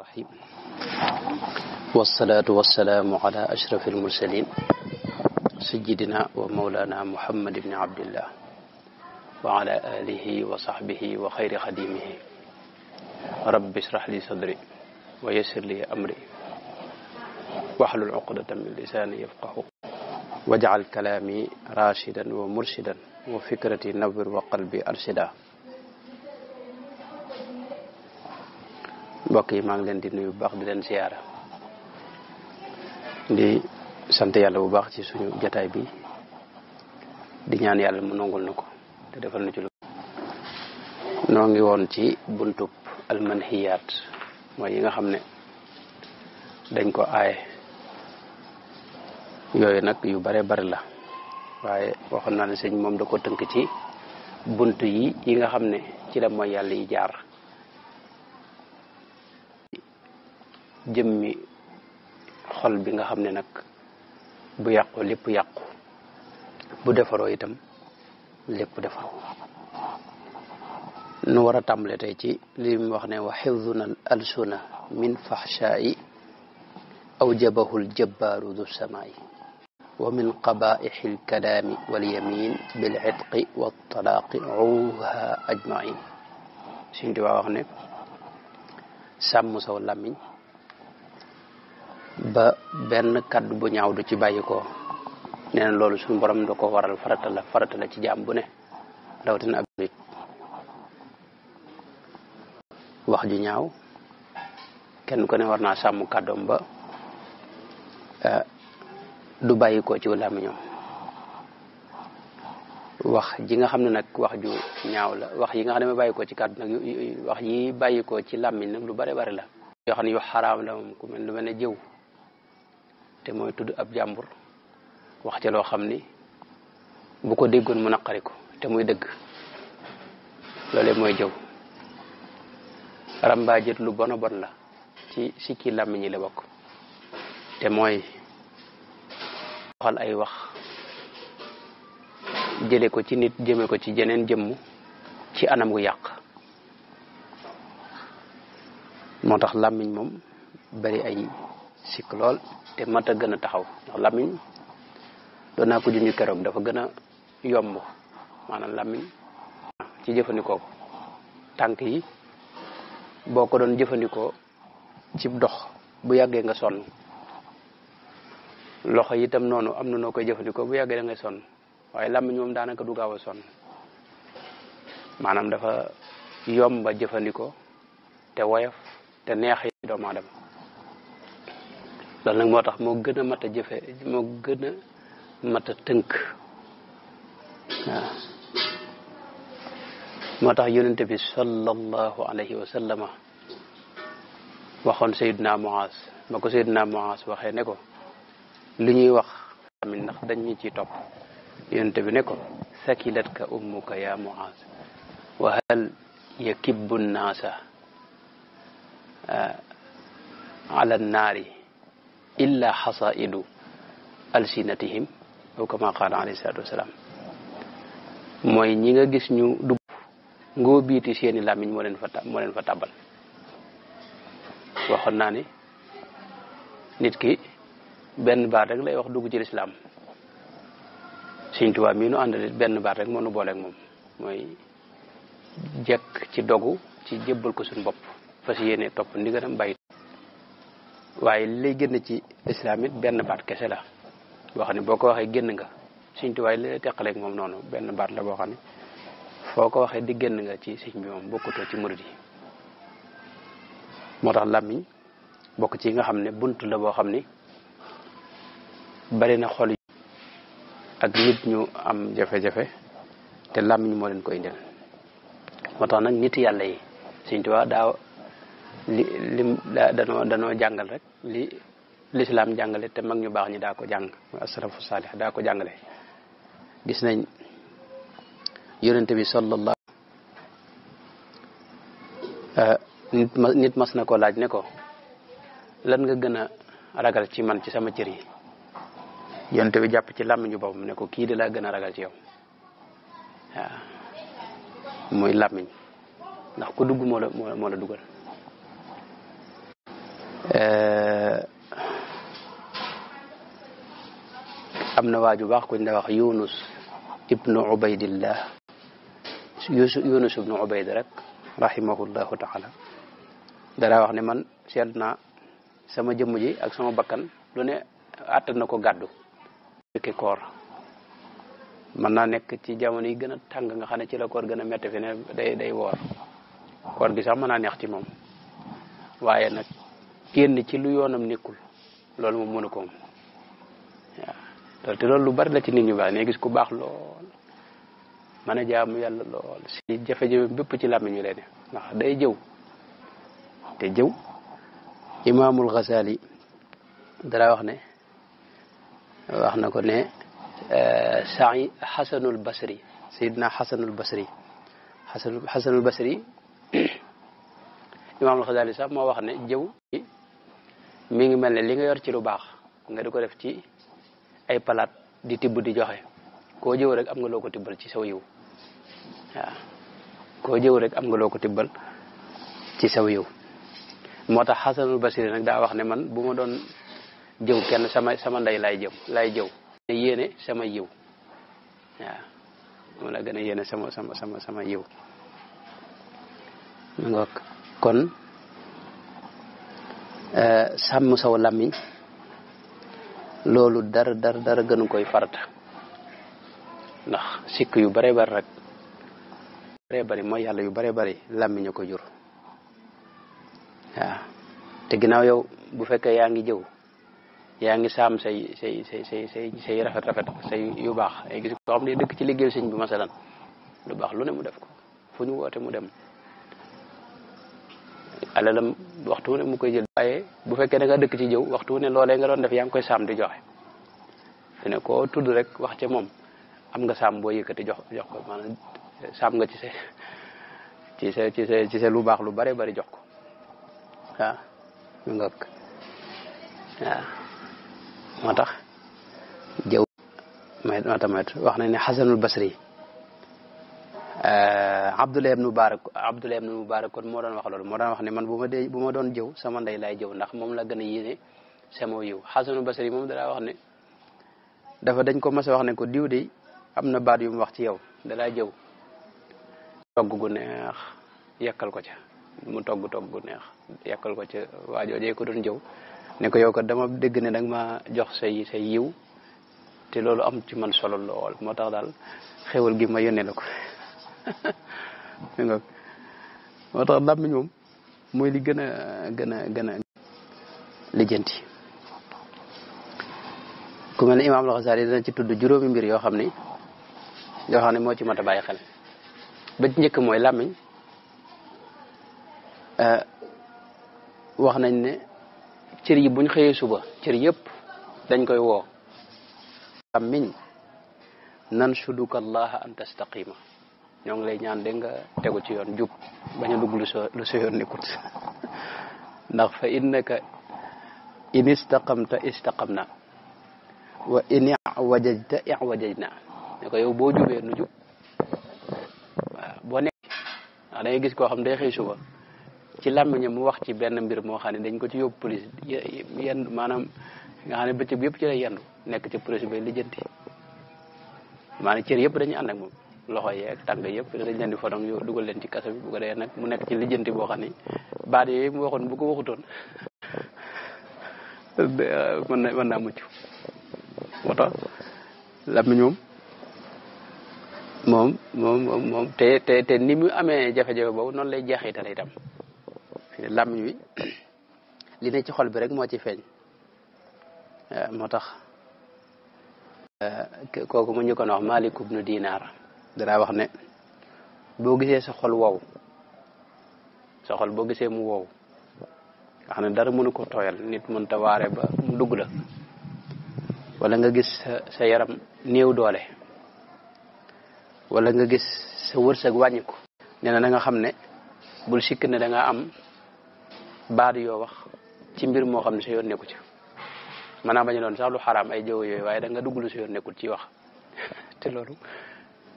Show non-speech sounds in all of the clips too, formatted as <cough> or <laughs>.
الرحيم والصلاة والسلام على أشرف المرسلين سيدنا ومولانا محمد بن عبد الله وعلى آله وصحبه وخير خديمه رب اشرح لي صدري ويسر لي أمري واحلل عقدة من لساني يفقه واجعل كلامي راشدا ومرشدا وفكرتي نور وقلبي أرشدا mbokk yi maa ngi leen di nuyu bu baax di leen siyaara di sant yàlla bu baax ci suñu jataay bi di ñaan yàlla mu nongul na ko te defal na ci lu noo ngi woon ci buntub almanhiyaat mooy yi nga xam ne dañ ko aaye yooyu nag yu bare bare la waaye waxoon naa ne sëñ moom da ko tënk ci bunt yi yi nga xam ci la mooy yàlla yi jaar jëmmi xol bi nga xam ne nag bu yàqu lépp yàqu bu defaroo itam lépp defaru nu war a tàmbale tey ci li mu wax ne wa xifduna al alsuna min aw wa min faxshaa'i أوجبه الجبار ذو السماء ومن قبائح الكلام واليمين ajmain والطلاق عوها wax ne وغنب saw سولامين ba benn kaddu bu ñaaw du ci bàyyi ko loolu su borom da ko waral farata la farata la ci jaam bu ne rawatina ab nit wax ju ñaaw kenn ku ne war naa sàmm kàddoom ba eh, du bàyyi ko ci làmmiñam wax ji nga xam ne nag wax ju ñaaw la wax yi nga xam ne ma bàyyi ci kàddu nag wax yi bàyyi ko ci làmmiñ nag lu bare bare la yoo xam ne yu xaraam la moom ku mel lu mel ne jëw te mooy tudd ab jàmbur wax ca loo xam ni bu ko déggoon mu naqari ko te muy dëgg loole mooy jëw rambaajet lu bona bon la ci sikki làmmiñ yi la bokk te mooy waxal ay wax jële ko ci nit jëme ko ci jeneen jëmm ci anam wu yàq moo tax làmmiñ moom bari ay sik lol te mata gëna dona taxaw ndax lamiñ doon naa ko junj keroog dafa gëna yomb manam lamiñ ci jëfëndiko tank yi boko ko doon jëfandikoo ci dox bu yagge nga son loxo itam am na koy jëfëndiko bu yagge da ngay waye lamiñ du gawa son manam dafa yomba jëfëndiko te woyof te neex yi loolu nag moo tax moo gën a mat a jëfe moo gën a mat a tënk moo tax yonente bi sallallahu alayhi wa sallama waxoon Seydina Muaz ba ko Seydina Muaz waxee ne ko lu ñuy wax amit ndax dañ ñu ciy topp yonente bi ne ko sakilat ka ummuka ya Muaz wa hal yakibbu nnaasa ala nnaari illa hasaidu alsinatihim aw kama qala alayhi salatu wasalam moy ñi nga gis ñu du ngo biiti seeni lamiñ mo len fa mo len fa tabal waxon na ni nit ki benn baat rek lay wax dugg ci lislaam sëñ tubaab mii nu benn baat rek moo nu booleeg moom mooy jekk ci dogu ci jébbal ko suñ bopp fas yéene topp waaye li lay génn ci lislaam benn baat kese la boo xam ne boo ko waxee génn nga sëñ Tuubaa li lay teqaleeg moom noonu benn baat la boo xam ne foo ko waxee di génn nga ci sëñ bi moom bokkutoo ci murid yi moo tax làmmiñ bokk ci nga xam ne bunt la boo xam ni bari na xol ak nit ñu am jafe-jafe te làmmiñ moo leen koy indil moo tax nag nit yàlla yi sëñ Tuubaa daa li lim danoo danoo jangal rek li l'islam jangale te mag ñu bax ñi da ko jang asrafu salih da ko jangale gis nañ yaronte bi sallallahu eh, nit nit mas na ko laaj ne ko lan nga gëna ragal ci man ci sama ciri yaronte bi japp ci làmmiñu boppam ne ko ki de ragal ci yow waaw muy ndax ko dugg mo la mo la duggal Eh, am na waaju baax kuñ da wax yunus ibnu ubaydillah yunus ibnu ubayd rek rahimahullahu taala dara wax ne man seet naa sama jëmm ji ak sama bakkan lu ne àttan na ko gàddu fekki koor mën naa nekk ci jamono yi gën a tàng nga xam ne ci la koor gën a métti fi ne day day woor koor gi sax mën naa neex ci moom waaye nag génn ci lu yoonam nekkul loolu moom mënu ko am waaw te loolu lu bari la ci nit ñu baax ne gis ku baax lool mën a jaamu yàlla lool si jafe-jafe bépp ci làmmiñ ñu lay def ndax day jëw te jëw imaamul Ghazali dara wax ne wax na ko ne eh, sai xasanul basri sayidna xasanul basri xasanul basri <coughs> imaamul Ghazali sax wax ne jëw mi ngi mel ne li nga yor ci lu baax nga di ko def ci ay palaat di tibb di joxe koo jëw rek am nga loo ko tibbal ci saw yiw koo jëw rek am nga loo ko tibbal ci saw yiw moo tax xasanul basiri nag daa wax ne man bu ma doon jëw kenn sama sama ndey lay jëw lay jëw ne yéene sama yiw waaw ma la gën a yéene sama sama sama sama yiw kon Eh, sàmm saw làmmiñ loolu dara dar dara gënu koy farata ndax sikk yu bare bari rek bare bari mooy yàlla yu bare bari làmmiñ ko jur waaw te ginnaaw yow bu fekkee yaa ngi jëw yaa ngi saam say say say say say say rafet rafet say yu baax ay gis ko xam ne dëkk ci liggéeyu sëñ bi masalan lu baax lu ne mu def ko fu ñu woote mu dem alalam waxtu ne mu koy jël waaye bu fekkee da nga dëkk ci jëw waxtu ne loolee nga doon def yaa ngi koy saam di joxe fi koo tudd rek wax ca moom am nga saam boo yëkkati jox jox ko maanaam saam nga ci sa ci sa ci lu baax lu bare bari jox ko waaw moo tax jëw may moo tax wax nañ ne xasanul basri Euh, Abdullah ibn Mubarak Abdullah ibn Mubarak kon moo daan wax loolu moo daan wax ne man bu ma dee bu ma doon jëw sama ndey lay jëw ndax moom la gën a yéene sama yiw Xasanu Basri moom dalaa wax ne dafa dañ ko mas wax ne ko diw de am na baat yu mu wax ci yow dalaa jëw togg gu neex yàkkal ko ca mu togg togg gu neex yàkkal ko ca waa joojee ko doon jëw ne ko yow ko dama dégg ne danga ma jox say say yiw te loolu am ci man solo lool moo tax daal xéwal gi ma yónnee la ko <laughs> moo tax làmmiñ moom mooy li gën a gën a gën a lijjanti ku mel ne imaam al-Ghazali dana ci tudd juróomi mbir yoo xam ni yoo xam ne moo ci mat a bàyyi xel ba ci njëkk mooy làmmiñ eh, wax nañ ne cër yi buñ xëyee suba cër yépp dañ koy woo làmmiñ nan suduka allaha an tastaqima ñoo ngi lay ñaan de nga tegu ci yoon jub bañ a dugg lu sa lu sa yoon nekkut ndax fa innaka in istaqamta istaqamna wa in i'wajajta i'wajajna ne ko yow boo jubee nu jub waaw boo nekk da ngay gis koo xam day xëy suba ci làmmiñam mu wax ci benn mbir moo xam ne dañ ko ci yóbbu police ya-, yenn maanaam nga xam ne bëccëg yëpp ci lay yenn nekk ci police bay lijjanti maanaam cër yëpp dañuy ànd ak moom loxo yeeg tànk yëpp danañ leen di fodong yow dugal leen ci kaso bi bu ko dee nag mu nekk ci lijjanti boo xam ni baat yooyu mu waxoon bu ko waxutoon euh, mën na mën mucc moo tax làmmiñ moom moom te te te ni mu amee jafe-jafe boobu noonu lay jeexitale itam làmmiñ wi li ne ci xol bi rek moo ci feeñ euh, moo tax euh, kooku mu ñu ko wax Dinaar danaa wax ne boo gisee sa xol woow sa xol boo gisee mu wow nga xam ne dara mënu ko tooyal nit mën ta waare ba mu dugg la wala nga gis sa yaram néew doole walla nga gis sa wërsëg wàññiku nee na na nga xam ne bul sikk ne da nga am baat yoo wax ci mbir moo xam ne sa yoon nekku ci maanaam bañu doon saxlu lu xaraam ay jëw yooyu waaye da nga dugg lu sa yoon nekkul ci wax <laughs> te loolu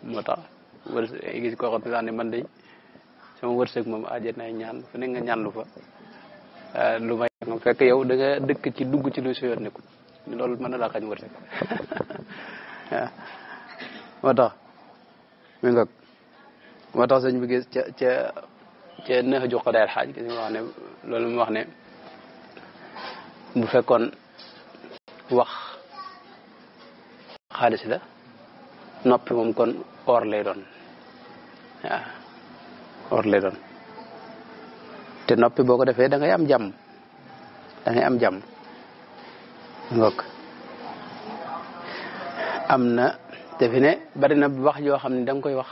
mota wërse gis ko xamne dañ man day sama wërsëg mom aje nay ñaan fu ne nga ñaan lu fa eh, lu may nga fekk yow da nga dëkk ci dugg ci lu si yoon nekkul ni mën man la xañ wërse <laughs> ah. mota mi nga mota señ bi gis ci ci ci neex jox ko gis nga wax ne loolu mu wax ne bu fekkoon wax xaalis la noppi moom kon or lay doon or lay doon te noppi boo ko defee da ngay am jàmm dangay am jàmm ngok am na te fi ne bari na wax yoo xam ne danga koy wax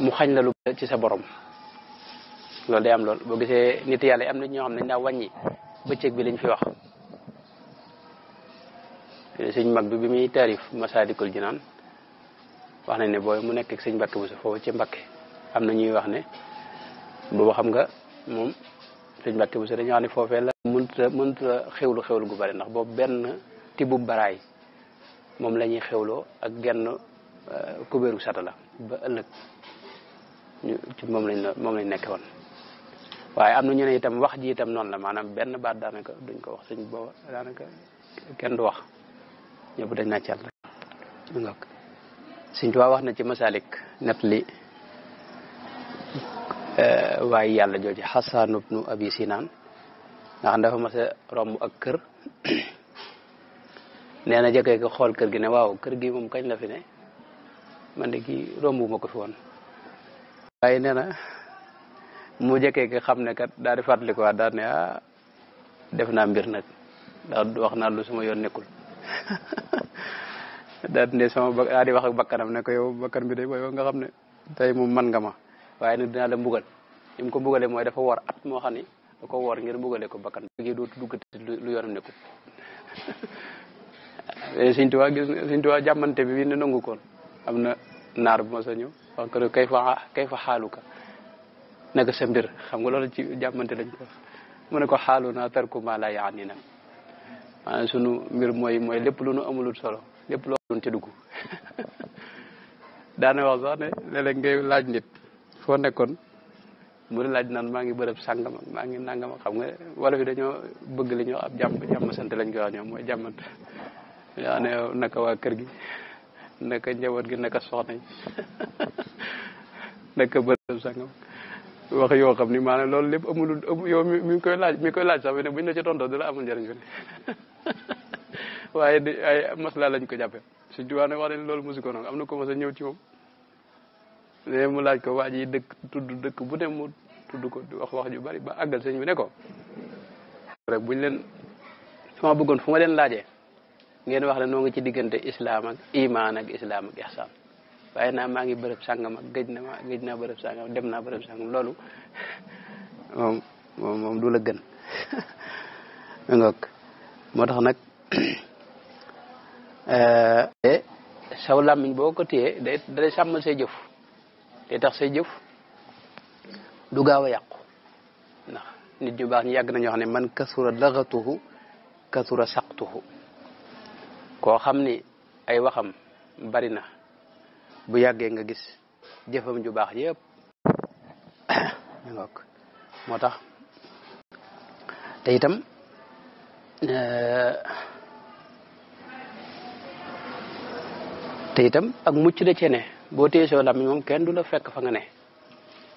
mu xañ la lu ci sa borom loolu day am lool boo gisee nit yàlla am na ñoo xam ne daa wàññi bëccëg bi lañ fi wax sëñ mag bi bi muy taarif Masaalikul naan wax nañ ne boy mu nekk ak sëñ Mbacke Bousso foofu ci Mbacke am na ñuy wax ne boobu xam nga moom sëñ Mbacke bu dañu wax ne foofee la mënta mënta xewlu xewlu gu bari ndax boobu benn tibu baraay moom la ñuy xewloo ak genn euh, kubéeru sata la ba ëllëg ñu ci moom lañ la moom lañ nekk woon waaye am na ñu ne itam wax ji itam noonu la maanaam benn baat daanaka duñ ko wax sëñ booba daanaka kenn du wax ñëpp dañ naa cal rek ngok سنٹوا واحد مسالک نپلی وائی سی نام سے مطلب رومبو مکر فون مجھے کہ خبنے کا دار نے دف نام بھیر سم نیک daal di sama ba daal wax ak bakkanam na ko bakkan bi day yow nga xam ne tey moom man nga ma waaye nag dinaa la mbugal li ko mbugalee mooy dafa woor at moo xam ni da ko woor ngir mbugalee ko bakkan léegi dootu duggati lu yoonam nekkul <laughs> eh, Sëñ Tuubaa gis Sëñ Tuubaa jàmmante bi bi na nangu koon am na naar bu ma sa ñëw wax kay fa kay fa xaaluka naka sa mbir xam nga loolu ci jàmmante lañ ko ne ko xaalu naa tarku maa laa na maanaam sunu mbir mooy mooy lépp lu nu amulut solo lepp lo don ci dugg daana wax sax ne léeg-léeg ngay laaj nit fo nekkon mu laaj nan ma ngi beurep sangam ma ngi nangam xam nga wala fi dañoo bëgg li ñuy ab jàmm jàmm sante lañ ko wax ñoom moy jàmmant ya ne naka wa kër gi naka njabot gi naka soxna naka beurep sangam wax yo xam ni maanaam loolu lépp amulul yow mi mi koy laaj mi koy laaj sax ne buñ la ci tonto dula amul njëriñ <laughs> waye ay masla lañ ko jappé su tubaa waré wax musu ko nak am ko mësa a ñëw ci mom ne mu laaj ko waa dëkk tuddu dëkk bu dem mu tuddu ko di wax wax ju bari ba agal sëñ bi né ko rek buñ leen sama bëggoon fu ma leen laajé ngeen wax la no nga ci digënté islam ak iman ak islam ak ihsan waye na ma ngi bërepp sangam ak gëj na ma gëj na bërëb dem na bërepp sangam loolu <laughs> mom mom mom du la gën <laughs> ngok <clears throat> Euh, te saw làmmiñ boo ko téyee day day sàmmal jëf day tax say jëf du gaaw a yàqu ndax nit ñu baax ñu yàgg nañoo xam ne man kasura laxatuhu kasura saqtuhu koo xam ni ay waxam bari na bu yàggee nga gis jëfam ju baax yëpp <coughs> moo tax te euh, te itam ak mucc da cee ne boo téye soo làmmiñ moom kenn du la fekk fa nga ne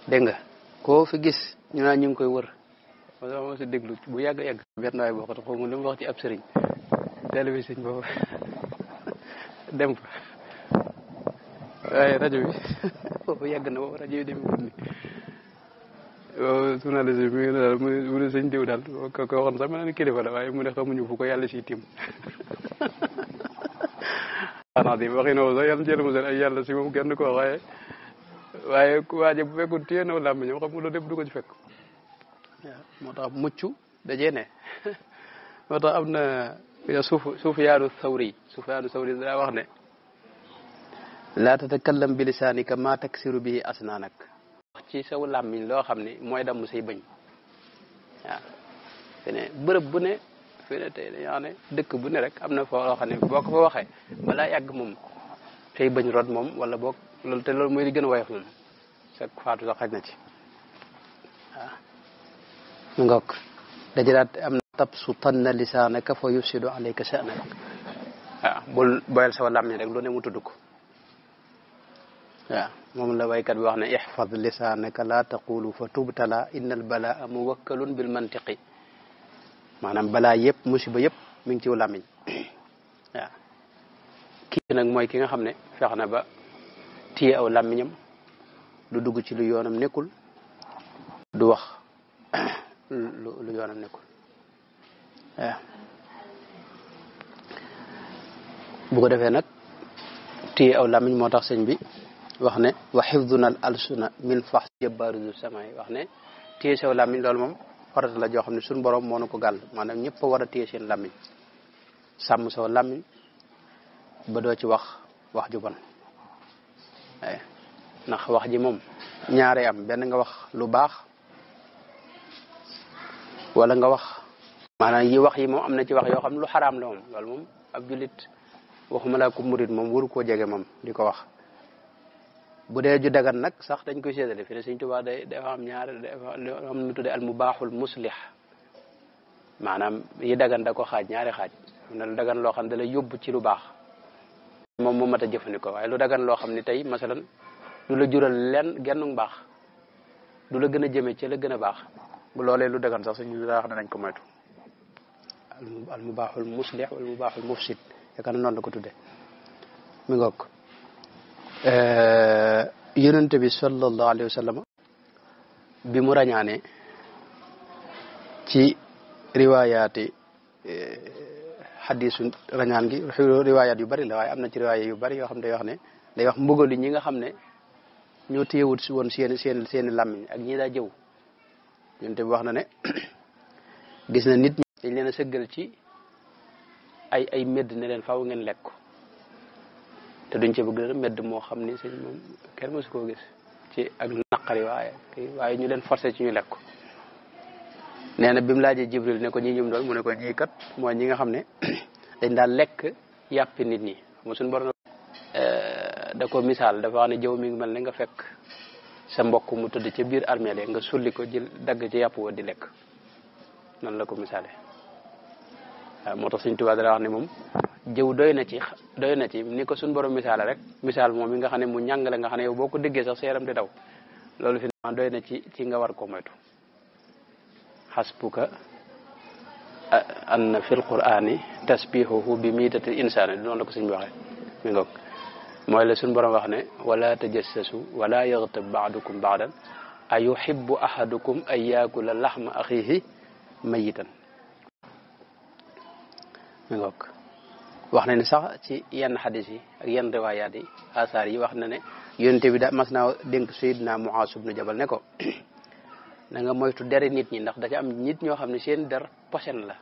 dégg nga koo fi gis ñu naan ñu ngi koy wër ma bu yàgg yàgg benn waay boo ko xaw ma wax ci ab sëriñ télé bi sëñ boobu <laughs> bi <laughs> foofu na ne daal mu ne sëñ diw daal ko ko waxoon sax ma ne kilifa la waaye mu ne xamuñu fu ko yàlla siy tiim <laughs> العظيم waxinoo yàlla njëriñu seen ay yàlla si moom kenn ko waaye bu fekkoon téye na làmb xam nga lépp du ko ci fekk waaw moo tax ne moo tax am na suuf suufyaanu sawri suufyaanu wax ne laa tatakallam bi lisaanika maa taksiru bihi asnaanak wax ci saw làmmiñ lo xam moy dam damm say bëñ waaw te ne bu ne fi ne tey dañoo xam ne dëkk bu ne rek am na foo loo xam ne boo ko fa waxee balaa yàgg moom tey bañ rot moom wala boog loolu te loolu mooy di gën a woyof moom sa faatu sax xaj na ci waaw mu ngokk dajalaat am na tabsutanna lisaanaka fa yufsidu alayka sha'naka waaw bul boyal sawa làmmiñ rek lu ne mu tudd ko waaw moom la waykat bi wax ne ixfad lisaanaka laa taqulu fa tubtala inna albalaa muwakkalun bil mantiqi maanaam balaa yëpp musiba yëpp mi ci wu làmmiñ <clears throat> waaw nag mooy ki nga xam ne fex na ba téye aw làmmiñam lu dugg ci lu yoonam nekkul du wax <clears throat> lu yoonam nekkul waaw bu ko defee nag téye aw làmmiñ moo tax sëñ bi wax ne wa xifduna al alsuna min fax jëbbaaru du samay wax ne téye saw làmmiñ loolu moom farata la joo xam ne suñu boroom moo na ko gàll maanaam ñëpp a war a téye seen làmmiñ sàmm soo làmmiñ ba doo ci wax wax ju bon eh, ndax wax ji moom ñaare am benn nga wax lu baax wala nga wax maanaam yi wax yi moom am na ci wax yoo xam ne lu xaraam la moom loolu moom ab jullit waxuma laa ko murit moom waru koo jege moom di ko wax bu dee ju dagan nag sax dañ koy séddale fi ne Sëñ Tuubaa day dafa am ñaar dafa tuddee al mubaaxul muslih maanaam yi dagan da ko xaaj ñaari xaaj am na lu dagan loo xam ne da yóbbu ci lu baax moom moo mat a jëfandikoo waaye lu dagan loo xam ne tey masalan du la jural lenn gennu baax du la gën a jëme ci la gën a baax bu loolee lu dagan sax suñu daa wax ne nañ ko moytu al mubaaxul muslih wal mubaaxul mufsid yaakaar na noonu la ko tuddee mi ngoog Eh, yonente bi sallallahu alayhi wa sallam bi mu rañaane ci riwaayaati xadisu eh, rañaan gi riwaayaat yu bari la waaye am na ci riwaaya yu bari yoo xam ne day wax ne day wax mbugalu ñi nga xam ne ñoo téyewut si woon seen seen seeni làmmiñ ak ñi daa jëw yonente bi wax na ne <clears throat> gis na nit dañ leen na sëggal ci ay ay medd ne leen faaw ngeen lekk te duñ ci bëgg dara medd moo xam ni sëñ moom kenn mosu koo gis ci ak naqari waaye waaye ñu leen forcé ci ñu lekk nee na bi mu laajee jibril ne ko ñi ñum doon mu ne ko ñii kat mooy ñi nga xam ne <clears throat> dañ daan lekk yàppi nit ñi mu suñ borom eh, da ko misaal dafa wax ne jëw mi ngi mel ni nga fekk sa mbokk mu tëdd ca biir armée ya nga sulli ko jël dagg ci yàpp wa di lekk noonu la ko misaalee waaw eh, moo tax Sëñ Tuubaa dara wax ne moom jëw doy na ci doy na ci ni ko suñu borom misaal rek misaal moom mi nga xam ne mu ñàngale nga xam ne yow boo ko déggee sax sa di daw loolu fi ma doy na ci ci nga war ko moytu xasbuka anna fil qur'ani tasbihuhu bi miitati insaani noonu la ko suñ bi waxee la suñu borom wax ne wala tajassasu wala yaghtab ba'dukum ba'dan ayuhibbu ahadukum an yaakula laxma axiihi mayitan mi ngok wax na ni sax ci yenn xadis yi ak yenn riwaayaat yi asar yi wax na ne yonte bi da mas naa dénk sayidna muaas ibnu jabal ne ko <clears throat> na nga moytu dere nit ñi ndax da ci am nit ñoo xam ne seen der posen la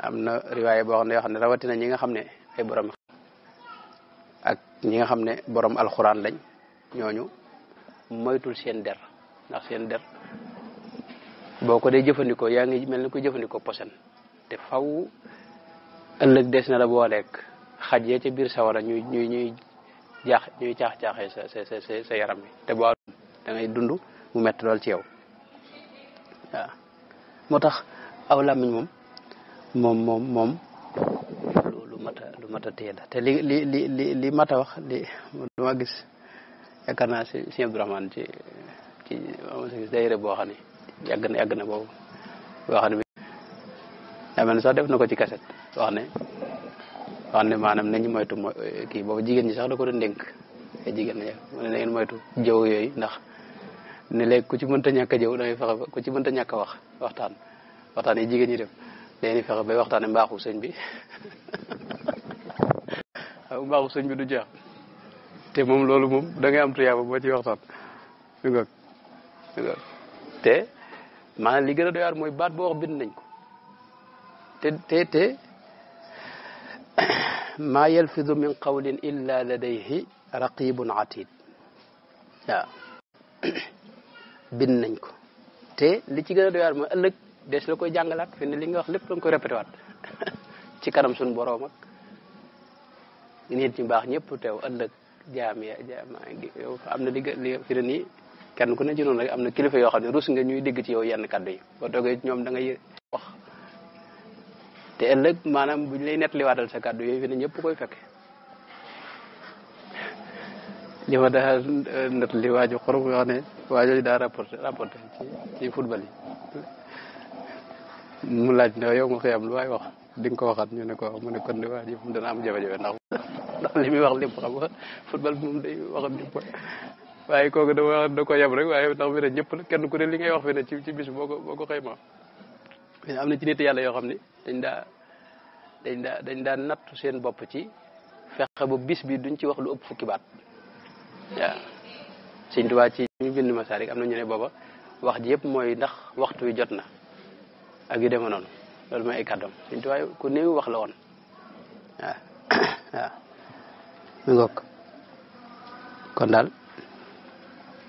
am na riwaaya boo xam ne yoo xam ne rawatina ñi nga xam ne ay borom ak ñi nga xam ne borom alxuraan lañ ñooñu moytul seen der ndax seen der boo ko dee jëfandikoo yaa ngi ko jëfandikoo posen te faw ëllëg des na la booleeg xaj ya ca biir sawara ñuy ñuy ñuy jaax ñuy caax sa yaram bi te boo da dund mu metti lool moo tax aw làmmiñ lu mat a lu mat a téye la te li li li li li mat a wax li lu ma gis yaakaar naa si si Abdourahmane ci ci ma gis dayre boo xam ne yàgg na yàgg na boobu boo xam ne daa sax def na ko ci kaset wax ne wax ne maanaam nañu moytu mo kii boobu jigéen ñi sax da ko doon dénk jigéen ñi mu ne na ngeen moytu jëw yooyu ndax ne léegi ku ci mënta ñàkk a jëw dangay fexe ba ku ci mënta ñàkk a wax waxtaan waxtaan yi jigéen ñi def dañuy fexe bay waxtaan mbaaxu sëñ bi <laughs> sëñ bi du jeex te moom loolu moom da ngay am tuyaaba boo ci waxtaan te maanaam li a doy mooy baat boo wax bind nañ tete te <clears throat> ma yalfidu min qawlin illa ladayhi raqibun atid Ya, <clears throat> bin nañ ko te li ci gën a doy waar mooy des la koy jàngalaat fi ne li nga wax répété <laughs> ci sun borom ak nit ñu baax ñëpp teew ëllëg jaam ya jaam yow am na li fi ne nii kenn ku ne ci noonu rek am na kilifa yoo xam ne rus nga ñuy dégg ci yow yenn yi toogee ñoom da ngay wax te ëllëg maanaam buñ lay nettaliwaatal sa kàddu yooyu fi ne ñëpp koy fekke li ma daa nettali waaju xorom wax ne waajooju daa rapporté rapporté ci ci football yi mu laaj ne yow nga lu waay wax di nga ko waxaat ñu ne ko mu ne kon ne waa ji moom dana am jafe-jafe ndax ndax li wax lépp xam nga football bi moom day waxat lépp waaye da ko yem rek waaye ndax fi ñëpp la kenn ku ne li ngay wax fi ne ci ci bis boo ko boo ko xëy ma fi am na ci nit yàlla yoo xam ne dañ daa dañ daa nattu seen bopp ci fexe ba bis bi duñ ci wax lu ëpp fukki baat waaw Sëñ ci ñu bind rek am na ñu ne booba wax ji yépp mooy ndax waxtu wi jot na ak yu deme noonu loolu mooy ay kàddoom Sëñ Tuubaa ku néew wax la woon waaw <coughs> mi ngoog kon daal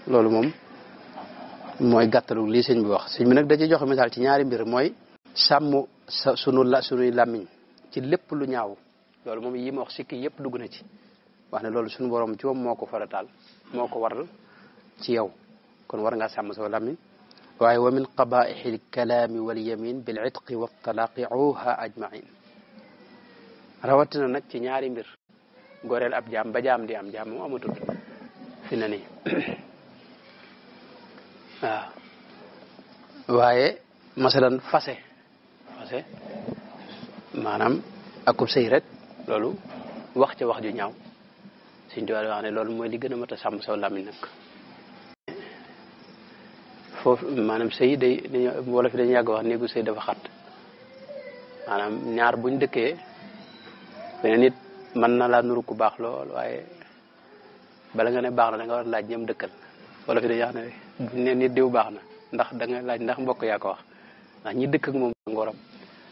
loolu moom mooy gàttalu lii sëñ bi wax sëñ bi nag da ci joxe misaal ci ñaari mbir mooy sàmm sa sunu la ci lépp lu ñaaw loolu moom yi ma wax sikki yëpp dugg na ci wax ne loolu sunu borom ci moom moo ko farataal moo ko waral ci yow kon war ngaa sàmm sa làmmiñ waaye wa min qabaixi alkalaami walyamin bil itqi wa talaaqi nag ci ñaari mbir goreel ab jaam ba jaam di am jaam moom amatul fi na <coughs> waaye masalan fase déranger manam akum sey rek lolou wax ci wax ju ñaaw seigne touba wax ne lolou moy li gëna a sam saw làmmiñ nak fofu manam sey day dañu wala fi dañu yag wax néegu sey dafa xat manam ñaar buñ dëkke ben nit man na la nuru ku bax lol waye bala nga ne bax na nga war laaj ñam dëkkal wala fi dañu wax ne ne nit diw bax na ndax da nga laaj ndax mbokk ya ko wax ndax ñi dëkk ak mom ngoram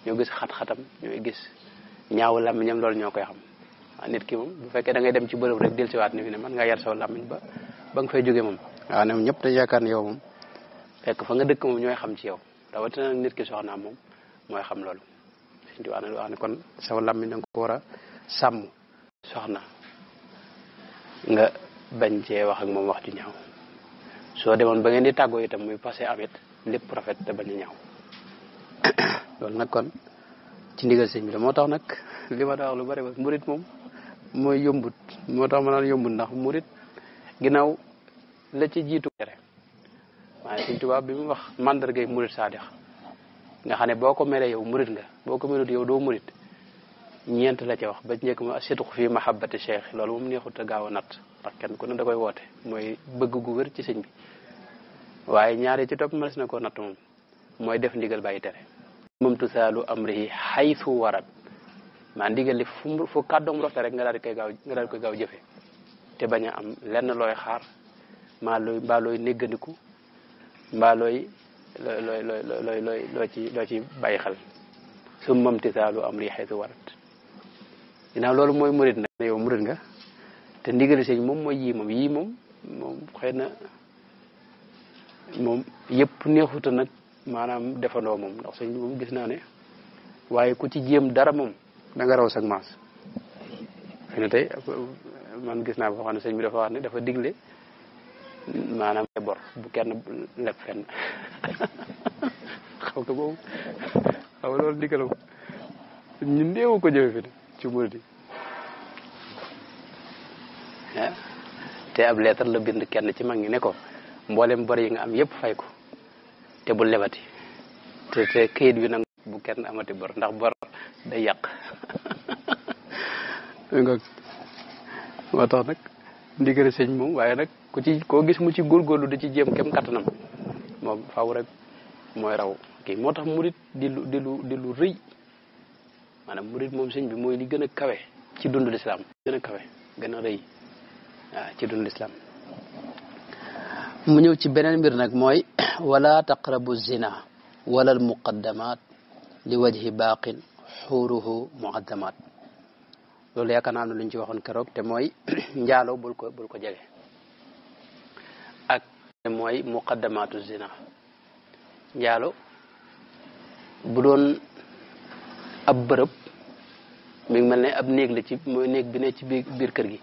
ñoo gis xat-xatam ñooy gis ñaaw làmmiñam loolu ñoo koy xam waaw ah, nit ki moom bu fekkee da ngay dem ci bërëb rek del siwaat ni fi ne man nga yar soo làmmiñ ba ba nga fay jóge moom waaw ah, ñëpp dañ yaakaar ne yow moom fa nga dëkk moom ñooy xam ci yow rawatina nag nit ki soxnaa moom mooy xam loolu di wax ne wax ne kon saw làmmiñ danga ko war a sàmm soxna nga bañ cee wax ak moom wax ju ñaaw soo demoon ba ngeen di tàggoo itam muy passé amit lépp rafet te bañ a ñaaw <coughs> loolu nag kon ci ndigal sëñ bi la moo tax nag li ma lu bari ba murit moom mooy yombut moo tax ma naan yombut ndax murit ginaaw la ci jiitu tere waaye sëñ tubaab bi mu wax mandargay murit saadix nga xam ne boo ko meree yow murit nga boo ko merut yow doo murit ñeent la ca wax ba njëkk ma asitqu fii mahabbati cheikh loolu moom neexut a gaaw a natt ndax kenn ku ne da koy woote mooy bëgg gu wér ci sëñ bi waaye ñaari ci topp mënees na natt moom mooy def ndigal bàyyi tere moom tusaalu amrihi xaysu warat maa ndigal li fu fu kàddoom roxte rek nga daal di nga daal koy gaaw jëfe te bañ a am lenn looy xaar maa looy mbaa looy néggandiku mbaa looy looy looy looy looy loo ci loo ci bàyyi xel su moom tisaalu loolu mooy murit nga te ndigal sëñ moom mooy yii moom yii moom moom xëy na moom yëpp neexuta nag manam defandoo mom ndax señ bi gis na ne waye ku ci jéem dara mom da nga raw sax maas xëy tay man gis na foo xam señ bi dafa wax ne dafa manam maanaam bor bu kenn lepp fenn xaw ko bom aw lol ndigalam ñu néew ko jëfe fi ci muridi eh? te ab lettre la bind kenn ci mag ñi ne ko mboolem bor yi nga am yépp fay ko te ya, bu lebati te te kayit bi nag bu kenn amati bor ndax bor day yàq wa tax nak ndigere sëñ mom waye nak ku ci ko gis mu ci góorgóorlu da ci jëm kem katanam mom faaw rek moy raw ki motax murid di lu di lu di lu reuy manam murid mom sëñ bi moy li gëna kawé kawe ci dundul Islam, gëna kawé kawe reuy a ah, ci dundul islam mu ñëw ci beneen mbir nag mooy <clears throat> wala taqrabu zina wala al muqaddamat li wajhi baaqin xuuruhu muqaddamat loolu yaakaar naa ne lu ñu waxoon keroog te mooy <clears throat> njaalo bul ko bul ko jege ak mooy muqaddamatu zina njaalo bu doon ab bërëb mi ngi mel ne ab néeg la ci mooy néeg bi ne ci biir kër gi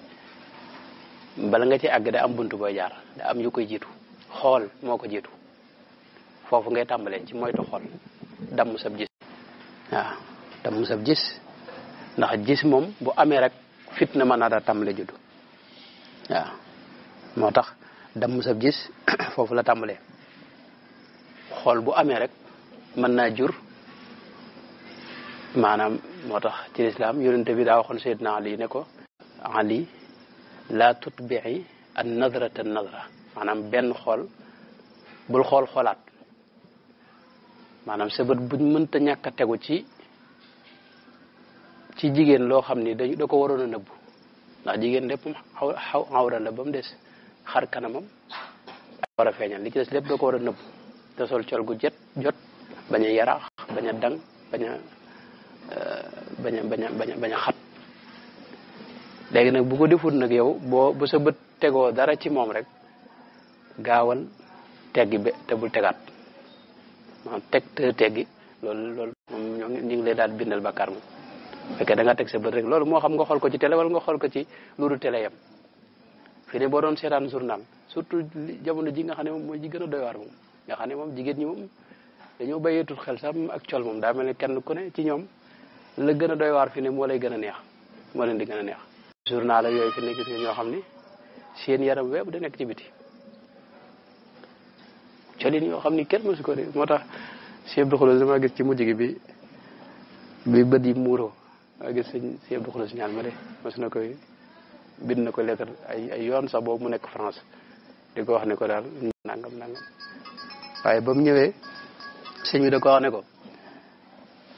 bala nga ci àgg da am buntu boy jaar da am yu koy jiitu xool moo ko jiitu foofu ngay tàmbalee ci moytu xool dam sab gis waaw dam sab gis ndax gis moom bu amee rek fitna mën naa daa tàmbale judd waaw moo tax sab gis <coughs> foofu la tàmbalee xool bu amee rek mën naa jur maanaam moo tax ci lislaam yonente bi daa waxoon sayidna ali ne ko ali la tutbi'i an nadrata an nadra manam ben xol bul xol xolat manam sebet buñ mënta ñaka teggu ci ci jigen lo xamni dañu da ko warona neub la jigen lepp haw awra la bam dess xar kanamam wara feñal li ci dess lepp da ko wara neub da sol ciol gu jet jot baña yarax baña dang baña euh, baña baña baña baña xat léegi nak bu ko deful nak yow bo bu sa beut tego dara ci mom rek gawal teggi be te bul tegat lo tek te teggi lol lol moom ñoo ñu ngi lay daal bindal bakkar mu fekkee da nga tek sa beut rek lol mo xam nga xol ko ci télé wala nga xol ko ci loolu télé yam fi ne bo doon seetaan journal surtout jamono ji nga xane mom moom ji gëna doy war mom nga xane mom moom ñi moom dañoo bàyyeetul xel sam ak ciol mom da melni kenn ku ne ci ñom la gëna doy war fi ne mo lay gëna neex mo leen di gëna neex journal yooyu fi ne gis nga xam ni seen yaram weebu da nekk ci biti yoo xam ni kenn mësu ko dee moo tax Cheikh Abdou Khoulous gis ci mujj gi bi bi bët yi muuroo maa gis sëñ Cheikh Abdou ñaan ma de mas na koy bind na ko lettre ay ay yoon sax boobu mu nekk France di ko wax ne ko daal nangam nangam waaye ba mu ñëwee sëñ bi da ko wax ne ko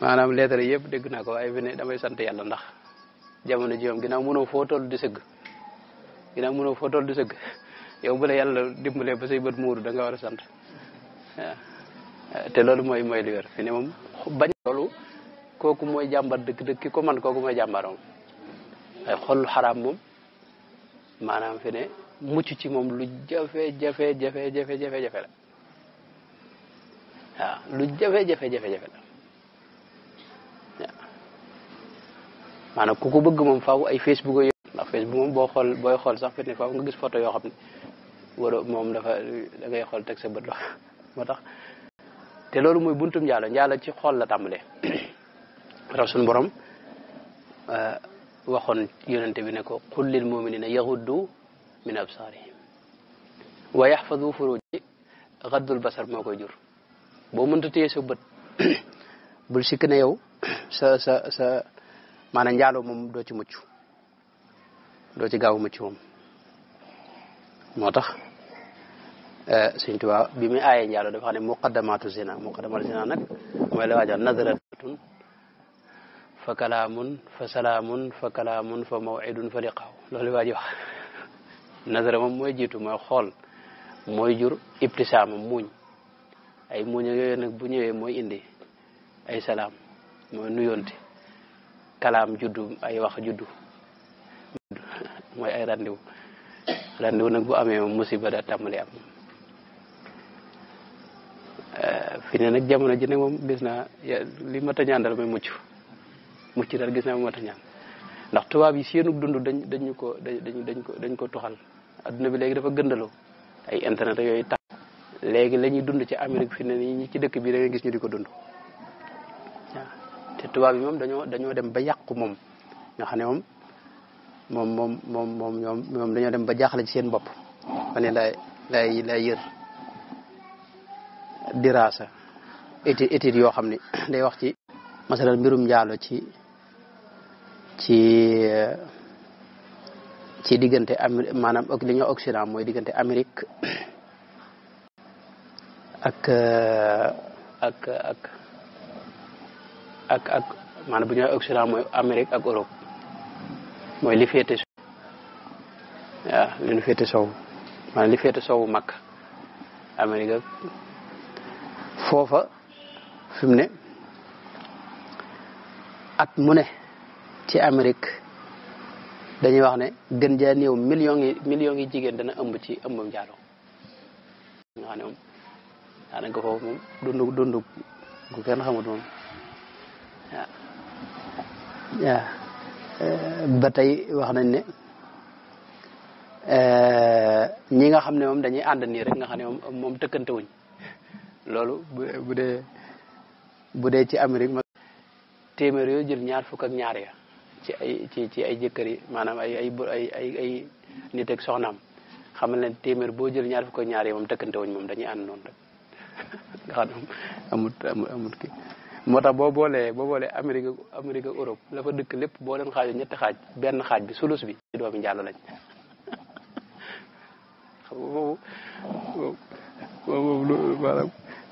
maanaam lettre yëpp dégg naa ko waaye fi ne damay sant yàlla ndax jamono ji moom ginnaaw mënoo foo toll di sëgg ginnaaw mënoo di sëgg yow bu la yàlla dimbalee ba say bët muuru danga war a sant te loolu mooy mooy li wér fi ne moom bañ loolu kooku mooy jàmbar dëkk dëkk ki ko man kooku mooy jàmbaroom ay xol xaraam moom maanaam fi ne mucc ci moom lu jafe jafe jafe jafe jafe la waaw lu jafe jafe jafe jafe la maanaam ku ko bëgg moom faaw ay facebook yo ndax facebook moom boo xool booy xool sax fitne faaw nga gis photo yoo xam ne moom dafa dangay xool teg sa bët la <laughs> moo tax te loolu mooy buntum njaalo njaalo ci xool la tàmbalee <clears throat> raw suñu borom euh, waxoon yonente bi ne ko qul lil muminina yaxuddu min absaarihim wa yaxfadu furuji xaddul basar moo koy jur boo mënta téye sa bët <clears throat> bul sikk ne yow <clears throat> sa sa sa maana njaaloo moom doo ci mucc doo ci gaaw a mucc moom moo tax eh, Sëñ Tuubaa bi mu aayee njaaloo dafa xam ne muqaddamaatu zina muqaddamaatu zina nag mooy la waajoon nadratun fa kalaamun fa salaamun fa kalaamun fa mawidun fa liqaaw loolu waaji wax nazara moom mooy jiitu mooy xool mooy jur ibtisaama muuñ ay muuñ yooyu nag mooy indi ay salaam mooy nuyoonte kalam juddu ay wax juddu moy ay randew randew nak bu amé musiba da tàmbali am euh fini nak jamono ji nak mom gis naa ya, li ma ta moy muccu muccu dal gis na ma ta ñaan ndax tubaab yi seenu dundu dañ dañ ko dañ dañ ko dañ ko tuxal aduna bi legi dafa gëndalo ay internet yooyu tax legi lañuy ñuy dund ci amerique fini ne ñi ci dëkk bi da nga gis ñu diko dundu te tubaab moom dañoo dañoo dem ba yàqu moom nga xam ne moom moom moom moom moom ñoom dañoo dem ba jaaxle ci seen bopp ma ne lay lay lay yër diraasa étude yoo xam ne <coughs> day wax ci masalal mbirum njaalo ci ci euh, ci diggante Amérique maanaam li ñoo Occident mooy diggante Amérique <coughs> euh, ak ak ak ak ak maanaam bu mooy Amérique ak Europe mooy li féete sow waaw li ñu féete sow maanaam li féete foofa fi mu ne at mu ne ci Amérique dañuy wax ne gën jaa néew millions yi millions yi jigéen dana ëmb ci ëmbam njaaloo nga xam ne moom daanaka foofu moom dundu dundu gu kenn xamut moom Eh, ba tey wax nañ ne eh, ñi nga xam ne moom dañuy ànd rek nga xam ne moom moom tëkkante wuñ loolu bu dee bu dee ci Amérique ma yoo jël ñaar fukk ak ñaar ya ci ay ci ci ay jëkkër yi maanaam ay ay ay ay nit ak soxnaam xamal ne téeméer boo jël ñaar fukk ñaar ya moom tëkkante wuñ moom dañuy ànd noonu rek <laughs> nga xam ne amut amut amut kii moo tax boo boolee boo boolee Amérique Amérique Europe la fa dëkk lépp boo leen xaajoo ñetti xaaj benn xaaj bi sulus bi ci doomi njàll lañ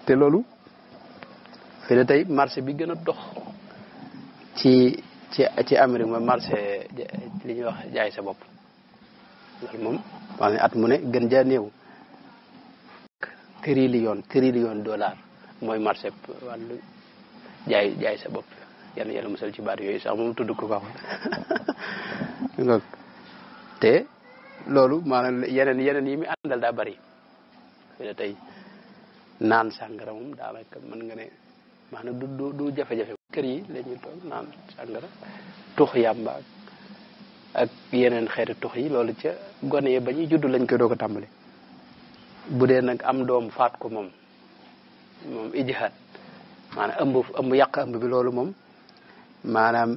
te loolu fi ne tey marché bi gën a dox ci ci ci Amérique mooy marché li ñuy wax jaay sa bopp loolu moom maanaam at mu ne gën jaa néew trillion trillion dollar mooy marché wàllu jaay jaay sa bop yalla yalla musal ci baat yoy sax mom tuddu ko ko donc te loolu maanaam yenen yenen yi mi andal da bari xëy na tey naan da moom daanaka mën nga ne maanaam du du jafé jafé jafe kër yi lañu ñuy nan sangara tukh yamba ak yenen xeeti tukh yi loolu ci goné ba ñuy judd lañ ko doog a tàmbali bu dee am doom fat ko mom mom ijihad maanaam ëmb ëmb yàq ëmb bi loolu moom maanaam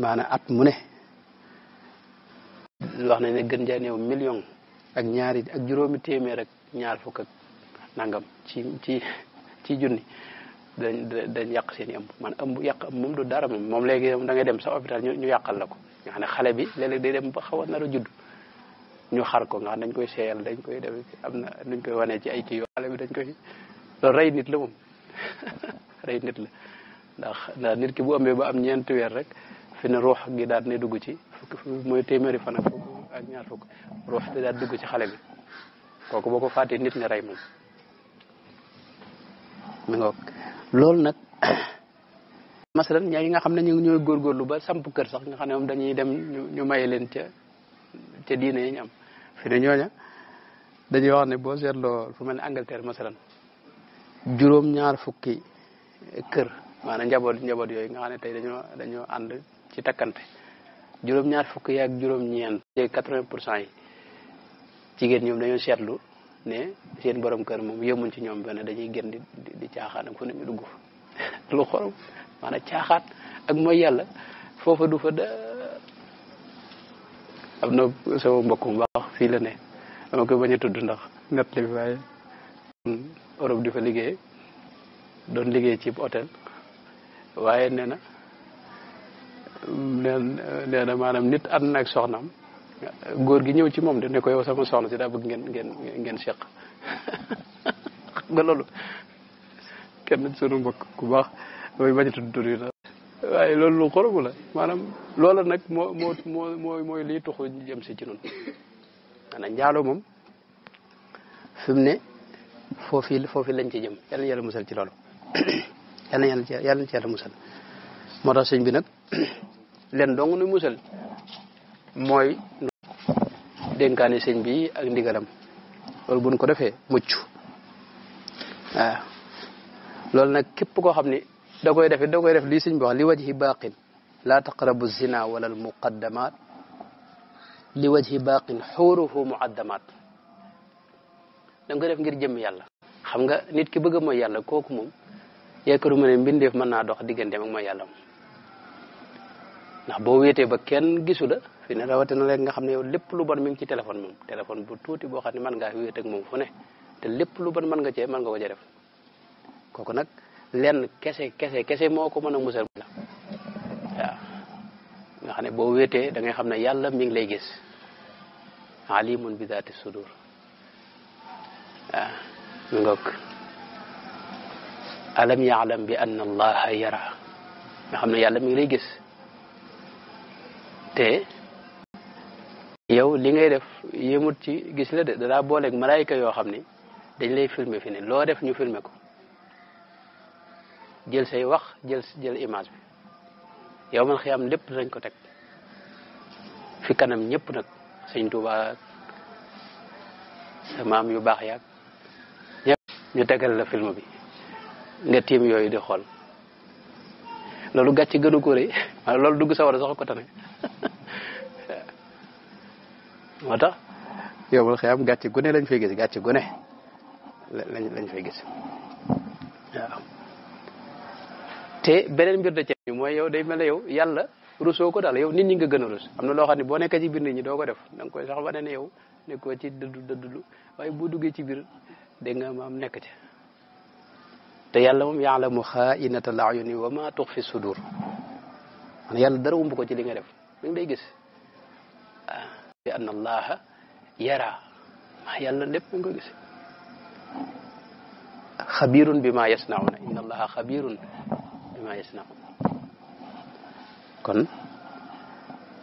maanaam at mu ne wax nañ ne gën jaa néew million ak ñaari ak juróomi téeméer ak ñaar ci ci ci junni dañ dañ yàq seen i ëmb man ëmb yàq ëmb moom du dara moom moom léegi moom ngay dem sa hôpital ñu ñu yàqal la ko nga xam xale bi léeg day dem ba xaw a nar a judd ñu xar ko nga xam dañ koy seeyal dañ koy def am na nuñ koy wanee ci ay kii yoo xale bi dañ nit la moom <laughs> rey nit la ndax ndax nit ki bu amé ba am ñent wër rek fi ne ruh gi daal ne dugg ci moy mooy roh fan ak fukk ak ñaar fukk ruux di daal dugg ci xalé bi koku boko ko gur nit ni ray moom mi ngoog loolu nag <coughs> masalan ñay nga nga ñu ne gor gor lu ba samp kër sax nga xam ne dañuy dem ñu maye leen ci ci diiné am fi ne ñoña dañuy wax ne bo sétlo fu melni angleterre masalan juróom ñaar fukki kër maanaam njaboot njaboot yooyu nga xam ne tey dañoo dañoo ànd ci takkante juróom ñaar fukk yi ak juróom ñeent jëg 80 pour cent yi jigéen ñoom dañoo seetlu ne seen borom kër moom yëmuñ ci ñoom benn dañuy gën di di caaxaan ak fu ne mi dugg <laughs> lu xorom maanaam caaxaan ak mooy yàlla foofa du fa am na sama mbokk mu baax fii la ne dama koy bañ a tudd ndax net li waaye hmm, Europe di fa liggéey doon liggéey ci hôtel waaye nee na nee maanaam nit ànd na ak soxnaam góor gi ñëw ci moom de ne ko yow sama soxna si daa bëgg ngeen ngeen ngeen seq nga loolu kenn sunu mbokk ku baax mooy bañ a tur yi waaye loolu lu maanaam loola nag moo moo moo mooy mooy liy tuxu jëm si ci noonu maanaam njaalo moom fi mu ne foofi foofi lañ ci jëm yàlla yàlla musal ci loolu <coughs> yal na yàlla ci yàlla ci yàlla musal moo tax sëñ bi nag <coughs> leen dong nu musal mooy dénkaane sëñ bi ak ndigalam loolu buñ ko defee mucc waaw loolu nag képp koo xam ni da koy def da koy def lii sëñ bi wax li wajhi baaqin laa taqrabu zina wala al muqaddamat li wajhi baaqin xuuruhu muaddamat da nga koy def ngir jëm yàlla xam nga nit ki bëgg mooy yàlla kooku moom ya ne mbindeef man na dox digganteem ak mooy yalla ndax bo wéetee ba kenn gisula fi na ne na rek nga xam yow lepp lu bon mi ngi ci téléphone mom téléphone bu tuti bo man nga ak mom fu te lepp lu bon man nga ci man nga ko def koku nak lenn kese kese kese moko ko musal la nga xam bo boo da ngay xam yalla mi ngi lay gis alimun bi sudur ah ngok alam yaalam bi anna allaha yara nga xam ne yàlla mi ngi lay gis te yow li ngay def yëmut ci gis la de dadaa booleeg malaayika yoo xam ne dañ lay filmer fi ne loo def ñu filme ko jël say wax jël jël image bi yow man lépp dañ ko teg fi kanam ñépp nag sëñ Tuubaa sa maam yu baax yaag ñu tegal la film bi nga tiim yooyu di xool loolu gàcce gënu ko rëy maanaam loolu dugg sawara sax ko tane <laughs> moo tax yowmal xiyaam gàcce gune lañ fay gis gàcce gune lañ lañ fay gis waaw te beneen mbir da ci mooy yow day mel ne yow yàlla rusoo ko daal yow nit ñi nga gën a rus am na loo xam ne boo nekkee ci biir nit ñi doo def da koy sax wane ne yow nekkoo ci dëddu dëddulu waaye boo duggee ci biir dégg nga maam nekk ci te yàlla moom yaalamu xaainata layuni wa ma tux fi sudur man yàlla dara wumbu ko ci li nga def mi ngi lay gis bi anna allaha yara ma yàlla lépp mi ngi gis xabirun bi ma yasnauna inna allaha xabirun bi ma yasnauna kon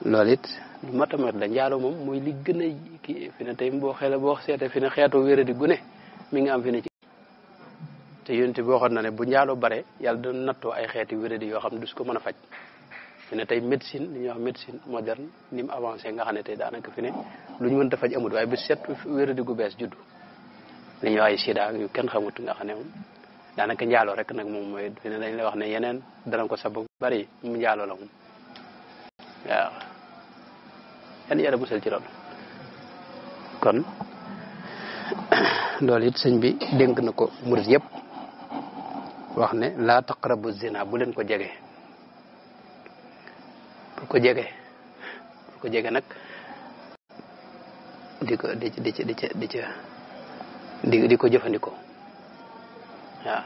loolu it lu matamat la njaalo moom mooy li gën a kii fi boo xele boo seete fi ne xeetu wéra di gune mi nga am fi ne te yonent boo waxoon na ne bu njaaloo bare yàlla dana nattoo ay xeeti wéradi yoo xam ne du ko mën a faj fi tey médecine li ñuy wax médecine moderne ni mu avancé nga xam ne tey daanaka fi ne lu ñu mën a faj amut waaye bu set wéradi gu bees juddu li ñuy wax ay sida yu kenn xamut nga xam ne moom daanaka njaaloo rek nag moom mooy fi ne dañ lay wax ne yeneen dana ko sabab bari mu njaaloo la moom waaw yan yàlla musal ci loolu kon <coughs> loolu it sëñ bi dénk na ko murit yëpp wax ne laa taqrabu zina bu leen ko jege bu ko jege bu ko jege nag di ko di di ca di di ko jëfandikoo waaw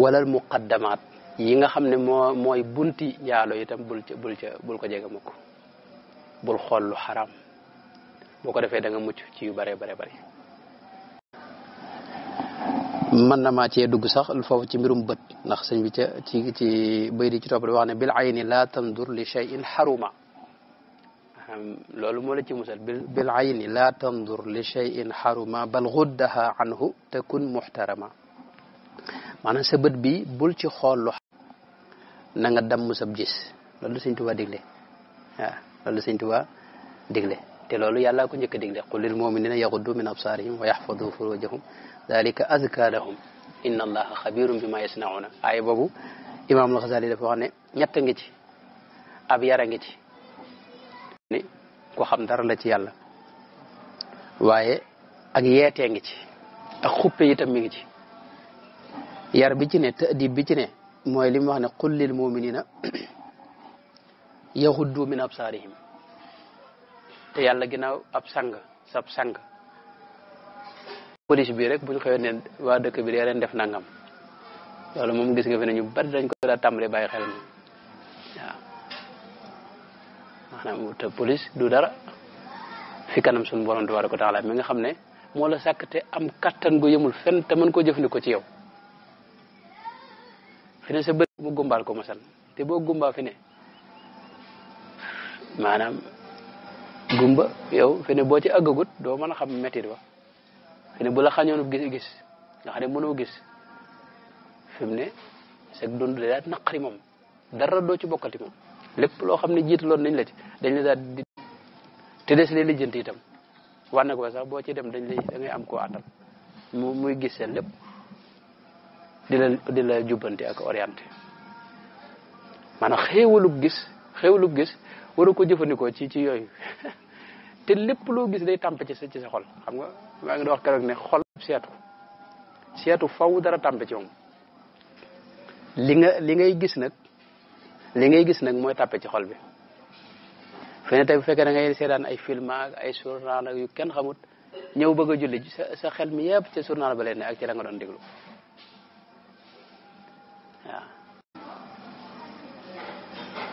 walal muqaddamaat yi nga xam ne moo mooy bunti njaalo itam bul ca bul ca bul ko jege mukk bul xool lu xaram boo ko defee da nga mucc ci yu bare bare bare mën na maa cee dugg sax foofu ci mbirum bët ndax sëñ bi ca ci ci bay di ci topp di wax ne bil ayni laa tandur li shay'in haruma loolu moo la ci musal bil ayni laa tandur li shay'in haruma bal xuddaha anhu takun muhtarama maanaam sa bët bi bul ci xool lu na nga damm sab gis loolu sëñ Tuubaa digle waaw loolu sëñ Tuubaa digle te loolu yàlla ko njëkk a digle qul lil muminina yaxuddu min absaarihim wa yaxfadu furujahum dalika azka lahum inna allaha xabirum bi ma yasnauna aaya boobu imaam alxasali dafa ne ñett ngi ab yar ngi ci ni ku xam dara la ci yàlla waaye ak yeetee ngi ci ak xuppe itam mi ngi ci yar bi ci ne tadib bi ci ne mooy li mu wax ne qul lil muminina yaxuddu min absaarihim te yàlla ginnaaw ab sang sab police bi rek buñ xewé né wa dëkk bi dee leen def nangam loolu moom gis nga fi ne ñu bari dañ ko da tambalé bàyyi xel moom waaw maanaam te police du dara fi kanam sun borom tabaraka taala mi nga xam ne moo la sàkk te am kattan gu yemul fenn te mën koo ci yow fi sa mu gumbaal ko masal te boo gumba fi ne maanaam gumba yow fi ne boo ci àggagut doo mën a xam ba ne bu la xañoonu gis gis nga xam ne mënoo gis fi mu ne sag dund da daat naqari moom dara doo ci bokkati moom lépp loo xam ne jiitaloon nañ la ci dañ la daal di te des lay lijjanti itam wanne ko sax boo ci dem dañ lay da ngay am koo atal mu muy gis seen lépp di la di la jubbante ak orienté maanaam xéewalub gis xéewalub gis waru ko jëfandikoo ci ci yooyu <laughs> te lépp loo gis day tàmp ci sa ci sa xol xam nga maa ngi doon wax keroog ne xol seetu seetu faw dara tàmpe ci moom li nga li ngay gis nag li ngay gis nag mooy tàppe ci xol bi fi ne tey fekkee da ngay seetaan ay film ak ay journal ak yu kenn xamut ñëw bëgg a julli sa sa xel mi yëpp ca journal ba leen ne ak ci la nga doon déglu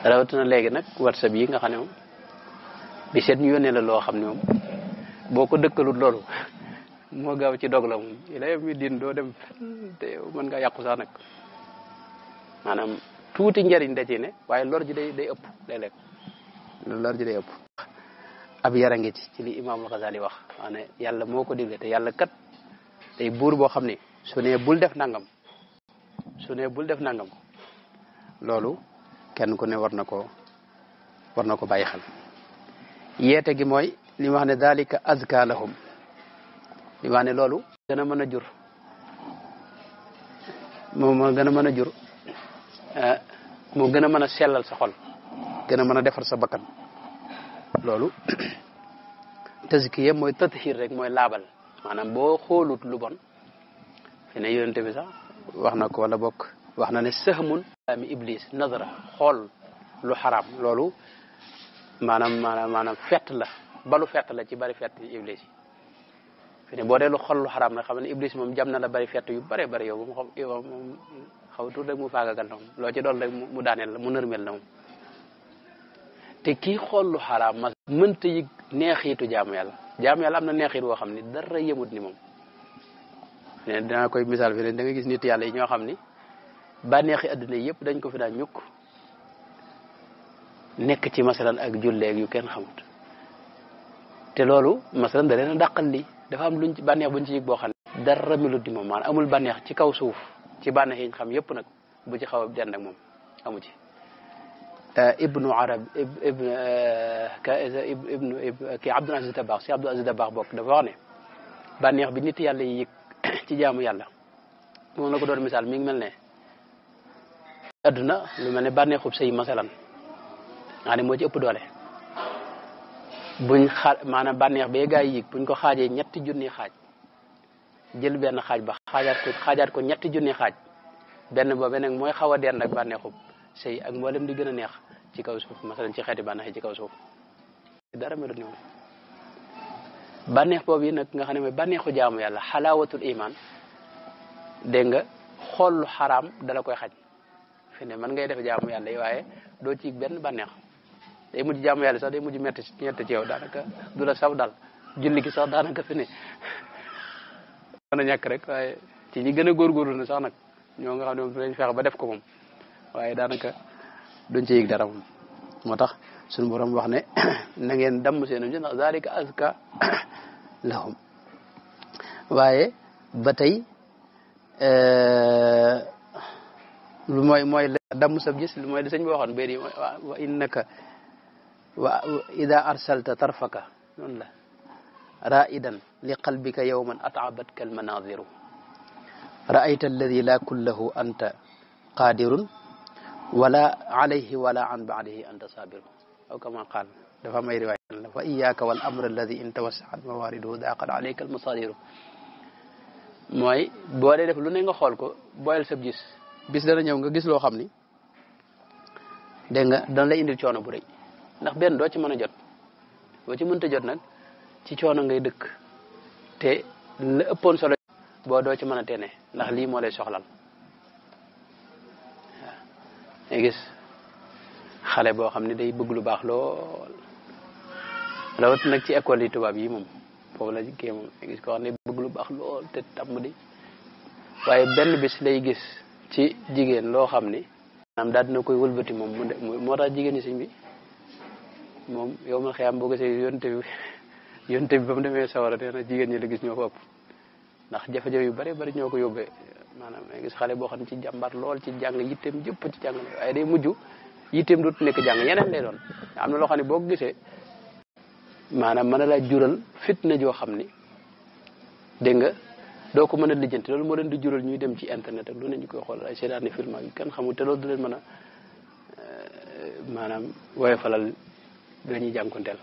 waaw na léegi nag whatsapp yi nga xam ne moom bi seet ñu yónnee la loo xam ne moom boo ko dëkkalut loolu moo gaaw ci dog la moom ila yow din doo dem fenn te mën nga yàqu sax nag maanaam tuuti njariñ da ci ne waaye lor ji day day ëpp léeg-léeg lor ji day ëpp ab yara ngi ci ci li imaamul Xasaali wax maa ne yàlla moo ko digle te yàlla kat tey buur boo xam ne su nee bul def nangam su nee bul def nangam loolu kenn ku ne war na ko war na ko bàyyi xel yeete gi mooy li mu wax ne dalika azka lahum waane loolu gën mën a jur moom moo gën a mën a jur eh, moo gën a mën a sellal sa xol gën a mën a defar sa bakkan loolu <clears throat> tazkiya mooy tathir rek mooy laabal maanaam boo xoolut lu bon fi ne yonente sax wax na ko walla bokk wax na ne sahmun mi iblis nazara xool lu xaraam loolu maanaam maanaam maanaam fett la balu fett la ci bari fett iblis yi fi ne boo dee lu xol lu xaraam nag xam ne iblis moom jam na la bari fett yu bare bari yow moom xaw tu rek mu faagagal na moom loo ci doon rek mu daaneel la mu nërmel na moom te kii xool lu xaraam ma mënta yëg neexiitu jaamu yàlla am na neexiit woo xam ni dara yemut ni moom ne koy misaal fi ne gis nit yi ñoo xam ni bànneexi adduna yëpp dañ ko fi daan ñukk ci masalan ak julleeg yu kenn xamut te dafa am luñ ci bànneex buñ ci boo xam ne dara melut di moom maanaam amul bànneex ci kaw suuf ci bànneex yiñ xam yépp nag bu ci xaw a dend ak moom amu ci euh, ibnu arab ibnu ibnu euh, kii abdul aziz dabaax si abdul aziz dabaax bokk dafa wax ne bànneex bi nit yàlla yi yëg <coughs> ci jaamu yàlla moom la ko doon misaal mi ngi mel ne adduna lu mel ne bànneexub sëy masalan nga ne moo ci doole buñ xaaj maanaam bànneex bee gaa yi yëg buñ ko xaajee ñetti junni xaaj jël benn xaaj ba xaajaat ko ko ñetti junni xaaj benn boobu nag mooy xaw a dend ak bànneexub sëy ak mboolem di gën a neex ci kaw suuf masalan ci xeeti bànneex yi ci kaw suuf dara melu ni ba neex boobu yi nag nga xam ne mooy bànneexu jaamu yàlla xalaawatul iman dégg nga xool lu xaraam dala koy xaj fi ne mën ngay def jaamu yàlla yi waaye doo ci benn bànneex day mujj jaamu yalla sax day mujj metti ñett ci yow daanaka du la saw dal julli gi sax daanaka fi ne mën a rek waye ci ñi gëna gor gorul na sax nak ñoo nga xam ne moom dinañ ba def ko moom waaye daanaka duñ ci yëg dara mom motax suñu borom wax ne na ngeen dam seenu ci ndax zalika azka lahum waye batay euh lu moy moy damu sab gis lu moy de sëñ bo waxoon beeri wa innaka وإذا أرسلت طرفك رائدا لقلبك يوما أتعبتك المناظر رأيت الذي لا كله أنت قادر ولا عليه ولا عن بعده أنت صابر أو كما قال دفع والأمر الذي إن توسعت موارده ذاقت عليك المصادر موي بوالي ديف لو نيغا ne nga xool ko booyal sab gis bis nga gis loo xam ni nga dana bu ndax ben do ci mëna jot bo ci mënta jot nak ci choono ngay dëkk te la ëppoon solo bo do ci mëna téné ndax li mo lay soxlal ay gis xalé bo xamni ne day bëgg lu bax lool rawat nak ci école yi tubab yi mom fofu la kii mom ngay gis ko xamni bëgg lu bax lool té tam di waye ben bis lay gis ci jigen lo xamni nam dad na koy wëlbati mom mo tax jigen ni sëñ bi moom yow ma xiyam boo gisee yonte bi yonte bi ba mu demee sawara nee na jigéen ñi la gis ñoo ëpp ndax jafe-jafe yu bare bari ñoo ko yóbbee maanaam gis xale boo xam ci jàmbar lool ci jàng yitteem jëpp ci jàng ay day mujj yitteem dootu nekk jàng yeneen lay doon am na loo xam ne boo gisee maanaam mën a laa jural fitna joo xam ni dégg nga doo ko mën a lijjanti loolu moo leen di jural ñuy dem ci internet ak lu ne ñu koy xool ay ni film ak kan xamul te loolu du leen mën a euh, maanaam woyofalal dañuy ñuy jànkonteel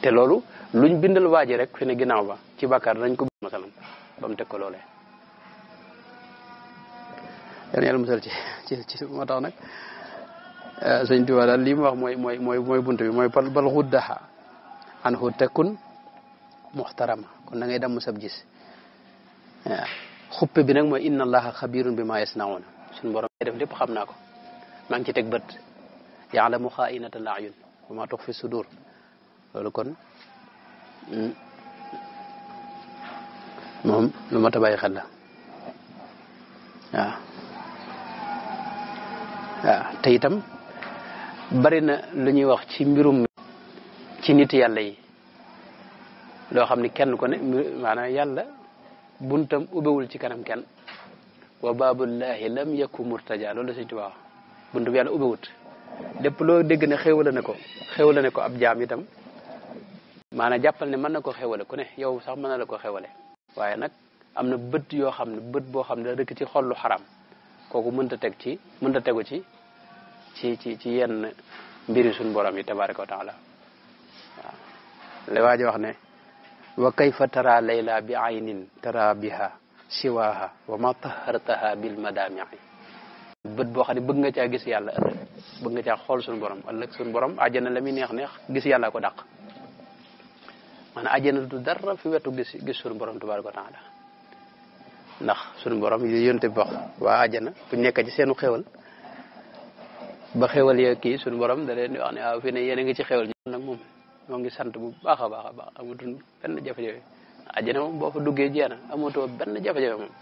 te loolu luñ bindal waji rek fi ne ginaaw ba ci bakkar dañ ko masalan ba mu teg ko lolé dañ yalla musal ci ci ci mo tax nak eh, sëñ tuba daal lii mu wax moy moy moy moy buntu bi moy bal bal xuddaha an hutakun muhtarama kon da ngay dam sab gis eh, xuppe bi nak moy inna allaha khabirun bima yasnauna suñ borom def lepp xamna ko mang ci tek beut yaalamu xaainata al ayun wa ma tux fi sudur loolu kon mm, moom lu ma tabaay xel la waaw waaw bari na lu ñuy wax ci mbirum ci nit yalla yi loo xam ni kenn ko ne maanaam yàlla buntam ubewul ci kanam ken wa baabullahi lam yakku murtaja loolu la Sëñ Tuubaa buntum yàlla ubewut lépp loo dégg ne xéwale na ko xewala na ko ab jaam itam maanaam jàppal ne mën na ko xéwale ku ne yow sax mën na la ko xewale waaye nag am na bët yoo xam ne bët boo xam ne rëkk ci xol xaram kooku mënta teg ci mënta tegu ci ci ci ci yenn mbiri sunu borom yi tabaraka wa taala waaw la waa ji wax ne wa kayfa tara layla bi aynin tara biha siwaha wa ma tahartaha bil madamii bët boo xam ne bëgg nga caa gis yàlla bëgg nga caa xool suñu borom ëlëk suñu borom aljana la neex neex gis yalla ko dakk man aljana du dara fi wetu gis gis suñu borom tabaraka taala ndax suñu borom yu yënte bax wa aljana bu nekk ci seenu xewal ba xewal ya ki suñu borom da leen wax ne waaw ah, fi ne yene nga ci xewal ñun nag moom ñoo ngi sant bu baaxa a baax amu baax amatul benn jafe-jafe àjjana moom boo fa duggee jeex na amatoo benn jafe-jafe mom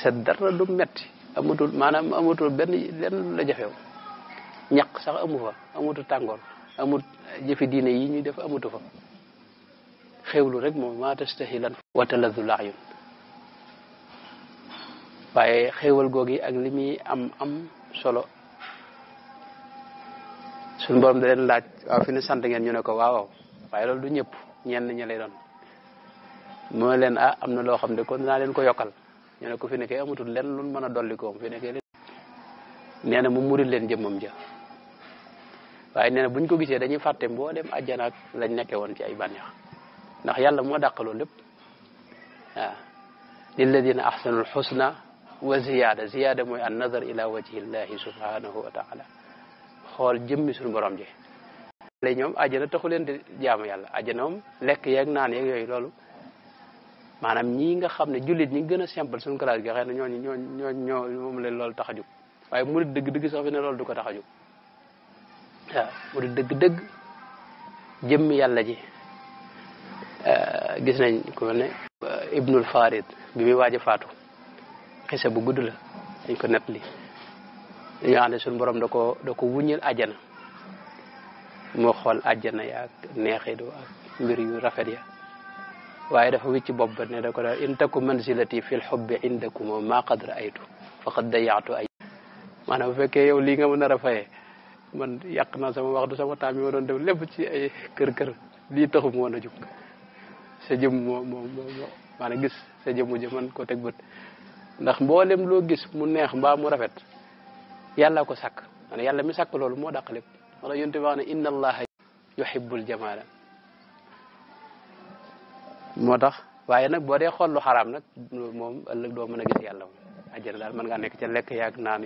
sa dara du metti amutul manam amutul ben len la jafew ñak sax amu fa amutu tangor amu jëfi diine yi ñuy def amutu fa xewlu rek moom ma tastahilan wa taladu laayun waaye xewal googi ak li muy am am solo sun borom da leen laaj waaw fi ne sant ngeen ñu ne ko waaw waaye loolu du ñëpp ñenn ñi lay doon mu ne leen ah am na loo xam ne kon dinaa leen ko yokkal ñu ne ko fi kay amatul len lu mën a dolli koom fi nee na mu murit leen jëmmam ja waaye nee na buñ ko gisee dañuy fàtte mboolem àjjana ak lañ nekkee woon ci ay bànneex ndax yàlla moo dàqaloon lépp waaw lilladina ahsanul xusna wa ziyaada ziyaada mooy an nazar ila wajhillahi subhanahu wa taala xool jëmmi suñu borom ji lay ñoom àjjana taxu leen di jaamu yàlla àjjana moom lekk yeeg naan yeeg yooyu loolu maanaam ñii nga xam ne jullit ñi gën a simple suñu classe gi xëy na ñooñu ñooñ ñooñ ñoo moom loolu tax a waaye murid dëgg-dëgg sax fi ne loolu du ko tax a waaw mu di dëgg-dëgg jëmmi yàlla ji gis nañ ku mel ne ibnul farid bi muy waaj a faatu xisa bu gudd la dañ ko nettali li xam ne suñu borom da ko da ko wuññil moo xool àjjana yaag neexidu ak mbir yu rafet ya waaye dafa wicc bopp ba ne da ko da in taku manzilati fil xubbi indakum ma qad raaytu faqad dayaatu ay maanaam bu fekkee yow lii nga mën a rafayee man yàq naa sama wax du sama taam yi ma doon def lépp ci ay kër kër lii taxu mu woon a jug sa jëm moo moo moo maanaam gis sa jëm ji man ko teg bët ndax mboolem loo gis mu neex mbaa mu rafet yàlla ko sàkk man yàlla mi sàkk loolu moo dàq lépp wala yonte wax ne inna allaha yuhibbul jamaala moo tax waaye nag boo dee xool lu xaraam nag moom ëllëg doo mën a gis yàlla moom daal mën ngaa nekk ca lekk yaag naan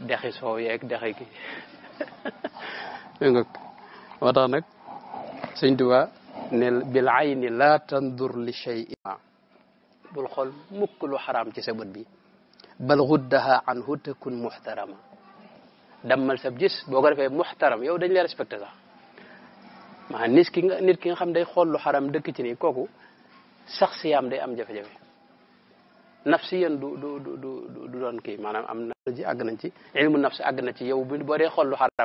dexi soow yeeg dexi <laughs> dégg nga moo nag sëñ Tuba ne bil ayni laa tandur li shay'in bul xool mukk lu xaraam ci sa bët bi bal xuddaha anhu takun muxtarama dammal sab gis boo ko defee muxtaram yow dañ lay respecté sax maa nis ki nga nit ki nga xam day xool lu xaraam dëkk ci nii kooku sax siyaam day am jafe-jafe nafsiyan du du du du du doon kii maanaam am na ji àgg nañ ci ilmu nafsi àgg na ci yow boo dee xool lu xaram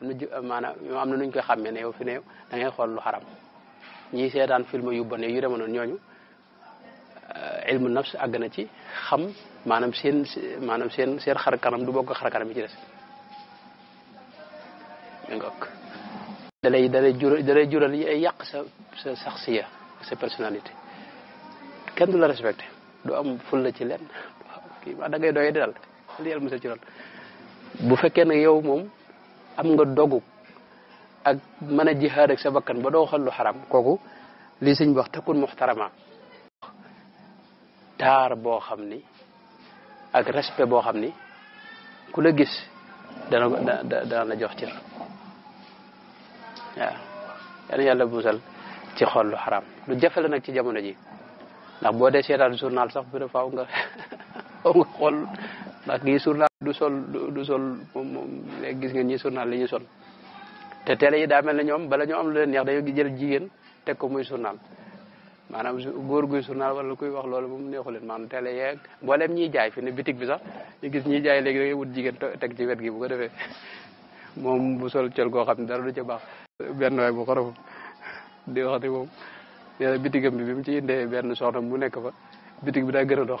am na ji maanaam am na nuñ koy xam ne yow fi ne da ngay xool lu xaram ñiy seetaan film yu bon yu demee ñooñu euh, ilmu nafsi àgg na ci xam maanaam seen maanaam seen seen xar du bokk xar kanam yi ci des ngok dalay dalay jural dalay jural ay yàq sa sa saxsiya sa personnalité kenn du la respecté du am fulla ci lenn kii da ngay doye di dal li ci lool bu fekkee ne yow moom am nga dogu ak mën a jihaad rek sa bakkan ba doo xal lu xaram kooku li sëñ bi wax takun muxtarama taar boo xam ni ak respect boo xam ni ku la gis dana dana la jox cër waaw yàlla yàlla musal ci xol lu xaram lu jafe la ci jamono ji ndax boo dee seetaan journal sax bu faaw nga <laughs> faaw nga xool ndax kii journal du sol du sol moom moom léegi gis ngeen ñi journal li ñu sol te télé yi daa mel ne ñoom bala ñoo am lu leen neex dañoo jël jigéen ko muy journal maanaam góor guy journal wala koy wax loolu moom neexu leen maanaam télé yeeg mboolem ñiy jaay fi ne bitig bi sax ñu gis ñiy jaay léegi da ngay wut teg ci wet gi bu ko defee <laughs> moom bu sol col goo xam ne dara du ca baax benn waay bu xorofu di wax ne moom nee bitigam bi bi ci inde ben soxna mu nek fa bitig bi da gën dox dox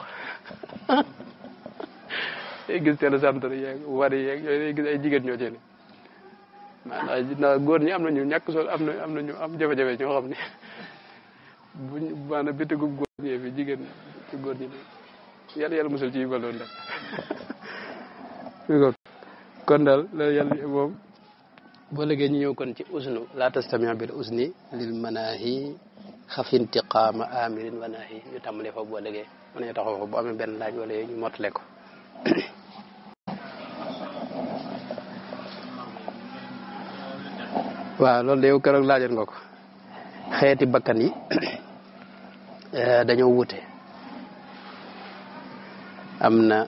gis teel a yeek wari yeek yoy yooyu gis ay jigeen ñoo ci man ay dina goor ñi amna ñu ñak so amna amna ñu am jafé jafé ñoo xamni ne buñ maanaam bitigu goor ñee bi jigeen ci goor ñi yalla yalla musul ci yu baloon nag kon daal loolu yàlla mom bo legge ñu kon ci usnu la tastamiya bil usni lil manahi xaf intiqaama amirin wa nahi ñu tàmbalee foofu boo léegi mën nañu taxaw foofu bu amee benn laaj wala ñu mottale ko waaw de yow keroog laajoon nga ko xeeti bakkan yi eh, dañoo wute am na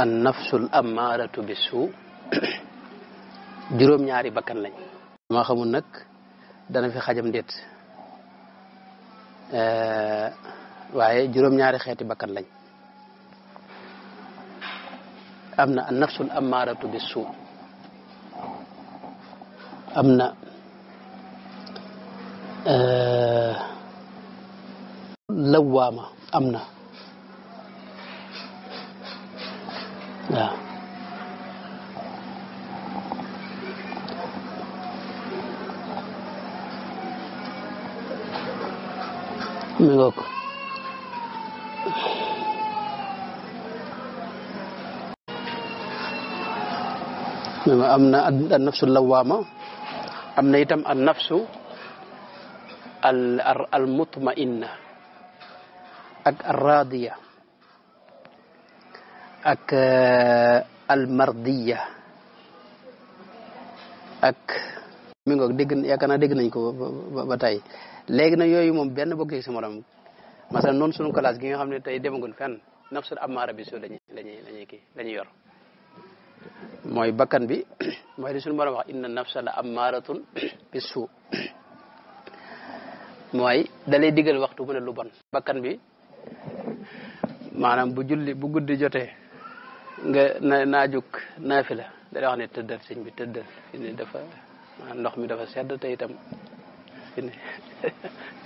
an nafsul ammaaratu bi suu juróom-ñaari bakkan lañ maa xamul nag dana fi xajam déet Eh, waaye juróom-ñaari xeeti bakkan lañ am na an nafsul bi suu am na eh, lawaama am na waaw mi nga ko am na an nafsu lawaama am na itam an nafsu al al mutmainna ak al raadiya ak eh, al mardiya ak mi nga ko yaakaar naa dégg nañ ko ba tey léegi nag yooyu moom benn bokk ci sa morom masalan noonu sunu classe gi nga xam ne tey demagul fenn nafsul ammaara bi suu lañu lañuy kii lañuy yor mooy bakkan bi <coughs> mooy li suñu wax inna nafsa la ammaaratun <coughs> bi suu mooy da waxtu mu ne lu bon bakkan bi maanaam bu julli bu guddi jotee nga na naa jug naafi la da wax ne tëddal sëñ bi tëddal ndox mi dafa sedd te fi ne <laughs>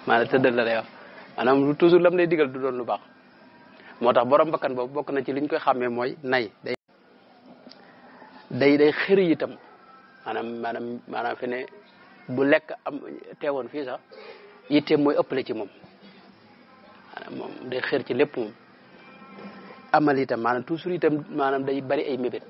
maa la tëddal la lay wax maanaam toujours lam lay digal du doon lu baax moo tax borom bakkan boobu bokk na ci li ñu koy xàmmee mooy nay day day day xëri itam maanaam maanaam maanaam fi ne bu lekk am teewoon fii sax yitteem mooy ëppale ci moom maanaam moom day xër ci lépp moom amal itam maanaam toujours itam maanaam day bari ay mébét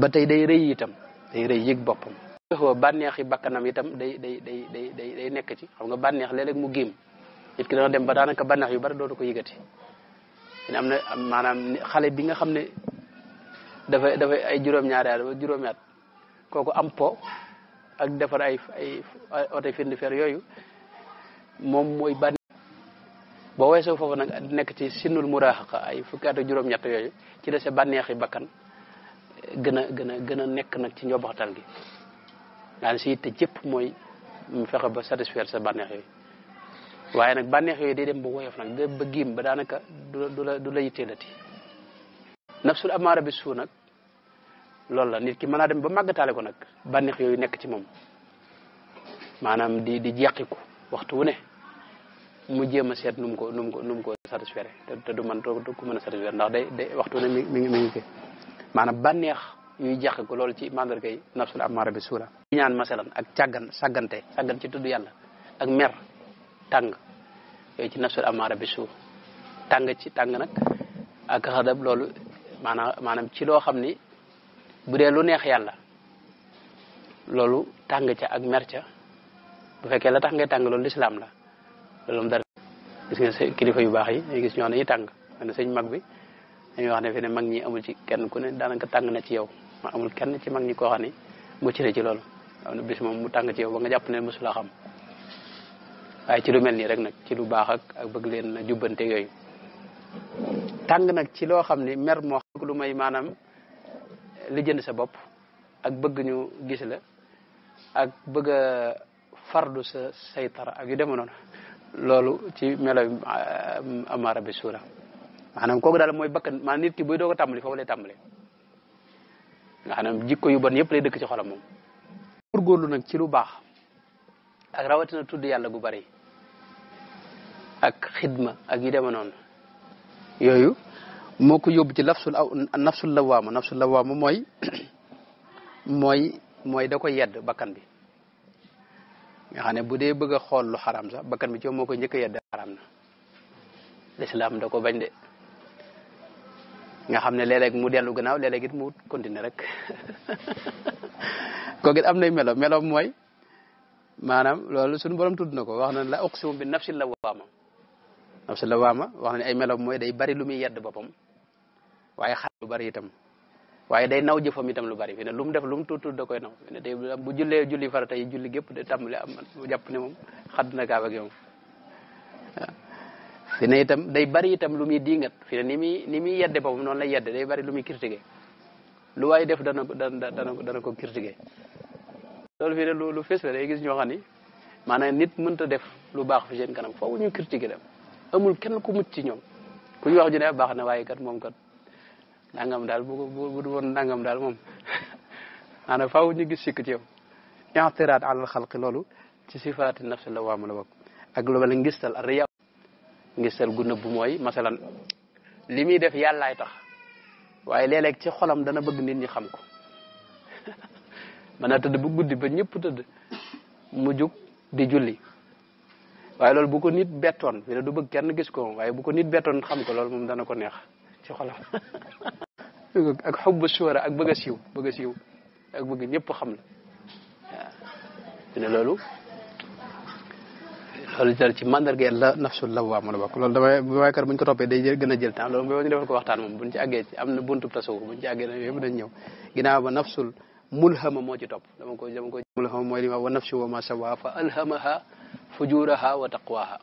ba tey day rëy itam day rëy yëg boppam fexoo bànneex yi bakkanam itam day day day day day day nek ci xam nga banex léeg-léeg mu gem nit ki dana dem ba daanaka banex yu bari do ko yëgati ne amna na xale bi nga da fay da fay ay juróom ñaar at ba yaat koku am po ak defar ay ay oto firndi fer yoyu mom moy ban bo weesoo fofu nak nek ci sinul muraaxaqa ay fukki at ñatt yoyu ci la sa bànneex yi bakkan gëna gëna gën a ci ñobaxtal gi daal si yitte jëpp mooy mu fexe ba satisfaire sa bànneex yooyu waaye nag banneex yooyu day dem ba woyof nag day ba giim ba daanaka du la du la du la yitteelati nafsul amaara bi suu nag loolu la nit ki mën naa dem ba màggataale ko nag bànneex yooyu nekk ci moom maanaam di di jeqiku waxtu wu ne mu jéem a seet nu mu ko nu mu ko nu mu ko satisfaire te du man ko mën a satisfaire ndax de day waxtu ne mi mi ngi mi ngi yuy jàq ko loolu ci mandarga yi nafsul amara bi sura ñaan masalan ak càggan sàggante sagan ci tuddu yalla ak mer tang yooyu ci nafsul amara bi sura tang ci tang nak ak xadab lolou manam manam ci lo xamni bu dee lu neex yalla lolou tang ci ak mer ca bu fekkee la tax ngay tang lolou l'islam la lolou dar gis nga kilifa yu bax yi ñu gis ñoo dañuy tang man sëñ mag bi ñu wax ne fi ne mag ñi amul ci kenn ku ne daanaka tang na ci yow ma amul kenn ci mag ñi ko xam mu ci na ci loolu amna bis mom mu tang ci yow ba nga japp ne la xam waaye ci lu melni rek nak ci lu bax ak ak bëgg leen jubante yoy tang nak ci lo xamni mer mo xam lu may manam li jënd sa bop ak bëgg ñu gis la ak bëgg fardu sa saytara ak yu deme non lolu ci melo euh, amara bi suura manam koku dal moy bakkan man nit ki buy dogo tambali tàmbali lay nga xam ne jikko yu bon yëpp lay dëkk ci xolam moom góorgóorlu nag ci lu baax ak rawatina tudd yàlla gu bari ak xidma ak yi deme noonu yooyu moo ko yóbbu ci nafsul aw nafsul lawaama mooy <coughs> mooy mooy da koy yedd bakkan bi nga xam ne bu dee bëgg a xool lu xaram sax bakkan bi ci moo ko njëkk a yedd xaram na lislaam da ko bañ de nga xam ne léeg mu dellu gannaaw léeg mu continuer rek <laughs> kooku it am nay melo melo mooy maanaam loolu suñu borom tudd na ko wax na la uqsimu bi nafsi lawaama nafsi lawaama wax na ne ay melo mooy day bari lu muy yedd boppam waaye xaar lu bari itam waaye day naw jëfam itam lu bari fi ne lu mu def lu mu koy naw fi bu jullee julli farata yi julli gépp day tàmbali am jàpp ne moom xadd na kaaba gi moom fi ne itam day bari itam lu mi dingat fi ne ni muy ni mi yedde bobu non lay yedde day bari lu mi critiquer lu way def dana dana dana ko dana ko critiquer lol fi ne lu lu fess la day gis ño xani manay maanaam nit mënta def lu bax fi seen kanam faaw ñu critiquer dem amul kenn ku mucc ci ñom ku ñu wax ju ne ah, bax na waye kat mom kat nangam dal bu bu du woon nangam daal moom <laughs> maanaam faaw ñu gis sik ci yow i'tirad ala al xalqi loolu ci sifaati nafsi la waam la bokk ak lu mel ngistal riya ngistal gu nëbb mooy masalan li muy def yàllaay tax waaye léeg-léeg ci xolam dana bëgg nit ñi xam ko <laughs> mën naa tëdd bu guddi ba ñëpp tëdd mu jug di julli waaye loolu bu ko nit bettoon fi ne du bëgg kenn gis ko waaye bu ko nit bettoon xam ko loolu moom dana ko neex ci xolam <laughs> ak xubbu suwara ak bëgg a siiw bëgg a siiw ak bëgg ñëpp xam la waaw fi loolu loolu dal ci mandarga la nafsul lawwaama la bokk loolu damay bu waykar buñ ko toppee day jël gën a jël temps loolu boo ñu defal ko waxtaan moom buñ ci àggee ci am buntu tasawur buñ ci àggee yëpp dañ ñëw ginnaaw ba nafsul mulhama moo ci topp dama ko dama ko mulhama mooy li ma wa nafsu wa ma sawa fa alhamaha fujuraha wa taqwaha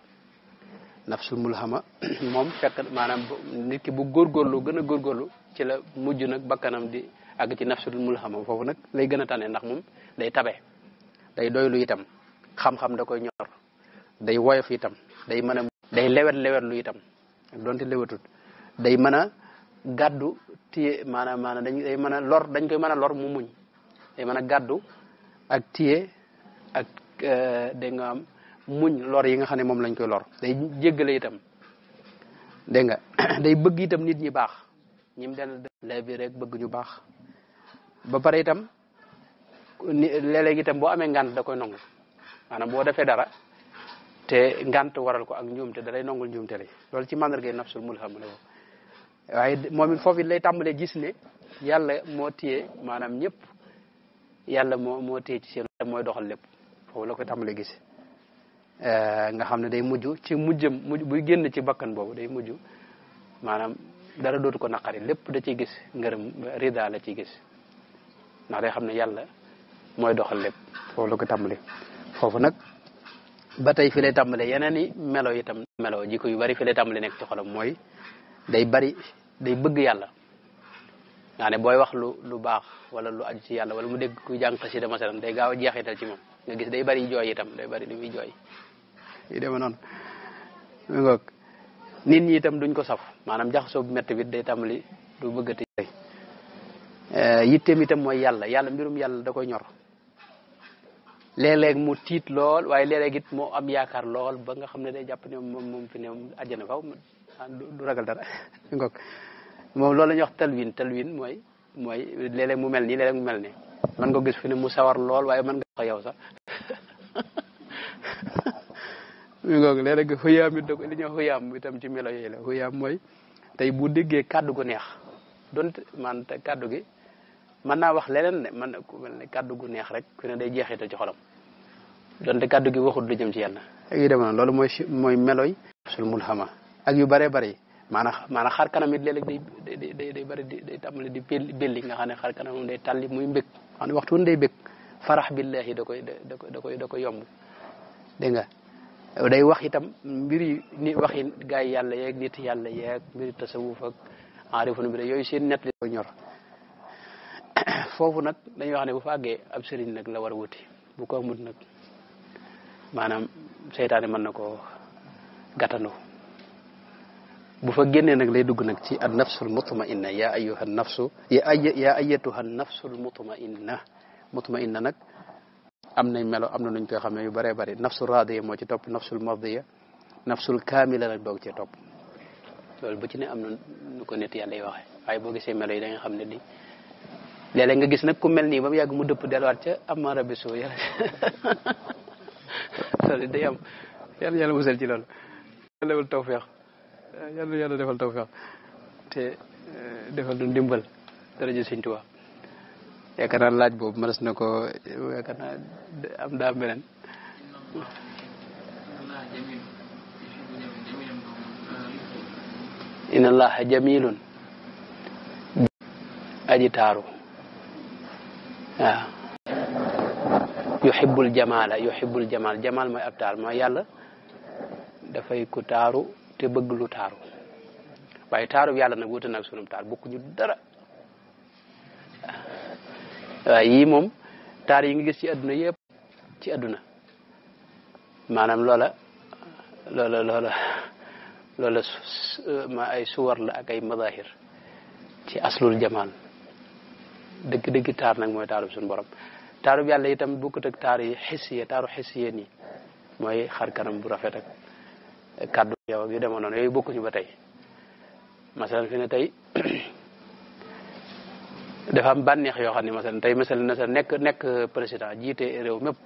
nafsul mulhama <clears throat> moom fekk maanaam nit ki bu góorgóorlu gën a góorgóorlu ci la mujj nag bakkanam di àgg ci nafsul mulhama foofu nag lay gën a tane ndax moom day tabe day doylu itam xam-xam da koy ñor day woyof itam day mën a lewet lewet lu itam donte lewetut day mën a gàddu téye maanaam maanaam dañ day mën a lor dañ koy mën a lor mu muñ day mën a gàddu ak téye ak euh, dégg nga am muñ lor yi nga xam ne moom lañ koy lor day jéggale itam dégg nga <coughs> day bëgg itam nit ñi baax ñim den la bi rek bëgg ñu baax ba pare itam léeg-léeg itam boo amee ngant da koy nangu maanaam boo defee dara te ngant waral ko ak njuumte da lay nongul njuumte lay loolu ci mandargay nafsul mulham la waaye moom it foofu it lay tàmbalee gis ne yàlla moo téye maanaam ñëpp yàlla moo moo téye ci seen mooy doxal lépp foofu la koy tàmbalee gis eh, nga xam ne day mujj ci mujjam mujj buy génn ci bakkan boobu day mujj maanaam dara dootu ko naqari lépp da ci gis ngërëm rida la ciy gis ndax day xam ne yàlla mooy doxal lépp foofu la ko tàmbalee foofu nag batay fi lay tàmbale yenen ni melo itam melo jiko yu bari fi lay tàmbale nek ci xolam moy day bari day bëgg yalla nga ne boy wax lu lu bax wala lu aju ci yalla wala mu ku jank ci dama salam day gaaw jeexital ci mom nga gis day bari joy itam day bari li joy yi dem non ngok nit ñi itam duñ ko saf manam jaxso bu metti bi day tambali du bëggati euh mi itam moy yalla yalla mbirum yalla da koy ñor léeg mu tiit lool waaye léeg-léeg moo am yaakaar lool ba nga xam ne day jàpp ne moom moom fi ne àjjana faw ah, du ragal dara <laughs> ngok moom loolu la ñuy wax talwin talwin mooy mooy léeg mu mel nii léeg mu mel nii mën nga gis fi ne mu sawar lool waaye man nga ko sax mi <laughs> ngoog léeg-léeg xuyaam itam ci melo yooyu la xuyaam mooy tey bu diggee kàddu gu neex dont man kàddu gi man naa wax leneen ne man ku mel ne kàddu gu neex rek ku ne day jeexital ci xolam donte kàddu gi waxut lu jëm ci yàlla ak yu demee loolu mooy mooy meloy sul mulhama ak yu bare bare maanaam maanaam xar kanam it léeg-léeg day day day day bari day tàmbali di belli nga xam ne xar kanam day tàlli muy mbég xam ne waxtu day bég farax billahi da koy da koy da koy da koy yomb dégg nga day wax itam mbiri ni waxi gaay yàlla yeeg nit yàlla yeeg mbiri tasawuf ak arifun bi yooyu seen net li ñor foofu nag dañuy wax ne bu fa àggee ab sëriñ nag la war a wuti bu ko mut nag maanaam seytaane man na ko gàttandu bu fa génnee nag lay dugg nag ci an nafsul mutmainna yaa ayyuha nafsu yaa ayyatuha nafsul mutmainna mutmainna nag am na melo am na nuñ koy xamee yu bëree bëri nafsul radiya moo ci topp nafsul mardiya nafsul kaamila nag doog cee topp loolu bu ci ne am na nu ko nit yàlla yi waxee waaye boo gisee melo yi danga xam ne di léeg nga gis nag ku mel nii ba mu yàgg mu dëpp delluwaat ca am ma rabi suuf yàlla loolu day am yàlla yàlla defal tawfeex te eh, defal du ndimbal daraja Sëñ Tuubaa yaakaar naa laaj boobu mënees na ko yaakaar am daa beneen inna allaha jamilun aji taaru waaw yuhibbul jamaala yuhibbul jamaal jamaal mooy ab yàlla dafay ku taaru te bëgg lu taaru waaye taaru yàlla nag wuute nag bokkuñu dara yii moom taar yi nga gis ci adduna yëpp ci adduna maanaam loola loola loola loola ma ay suwar la ak ay mazahir ci aslul jamaal deug deug tar nak moy taru sun borom taru yalla itam bokkut ak taar yi xisiye taru xisiye ni moy xar kanam bu rafet ak kaddu yow gi demono demoon noonu yooyu bokkuñu ba tey fi ne tay <clears throat> dafa am banex yo xamni masal tay masal na sa nek nek president jiite rew mepp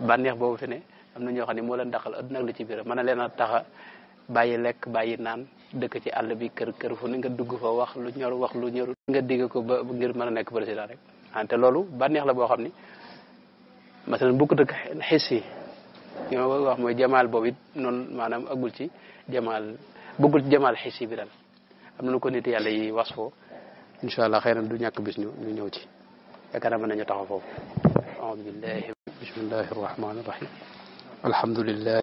banex bobu fi ne am na ñoo xam ne moo leen daqal adduna ak li ci biir na taxa bàyyi lekk bàyyi naan dëkk ci àll bi kër kër fu ne nga dugg fa wax lu ñor wax lu ñor nga digg ko ba ngir mën a nekk président rek ante ah, loolu bànneex la boo xam ni masalan bu ko dëkk xis yi li ma wax mooy jamaal boobu it noonu maanaam agul ci jamaal bëggul ci jamaal xis yi bi daal am na ko nit yàlla yi was foo incha allah xëy na du ñàkk bis ñu ñu ñëw ci yaakaar naa mën nañu taxaw foofu aoudu bismillahi arrahmani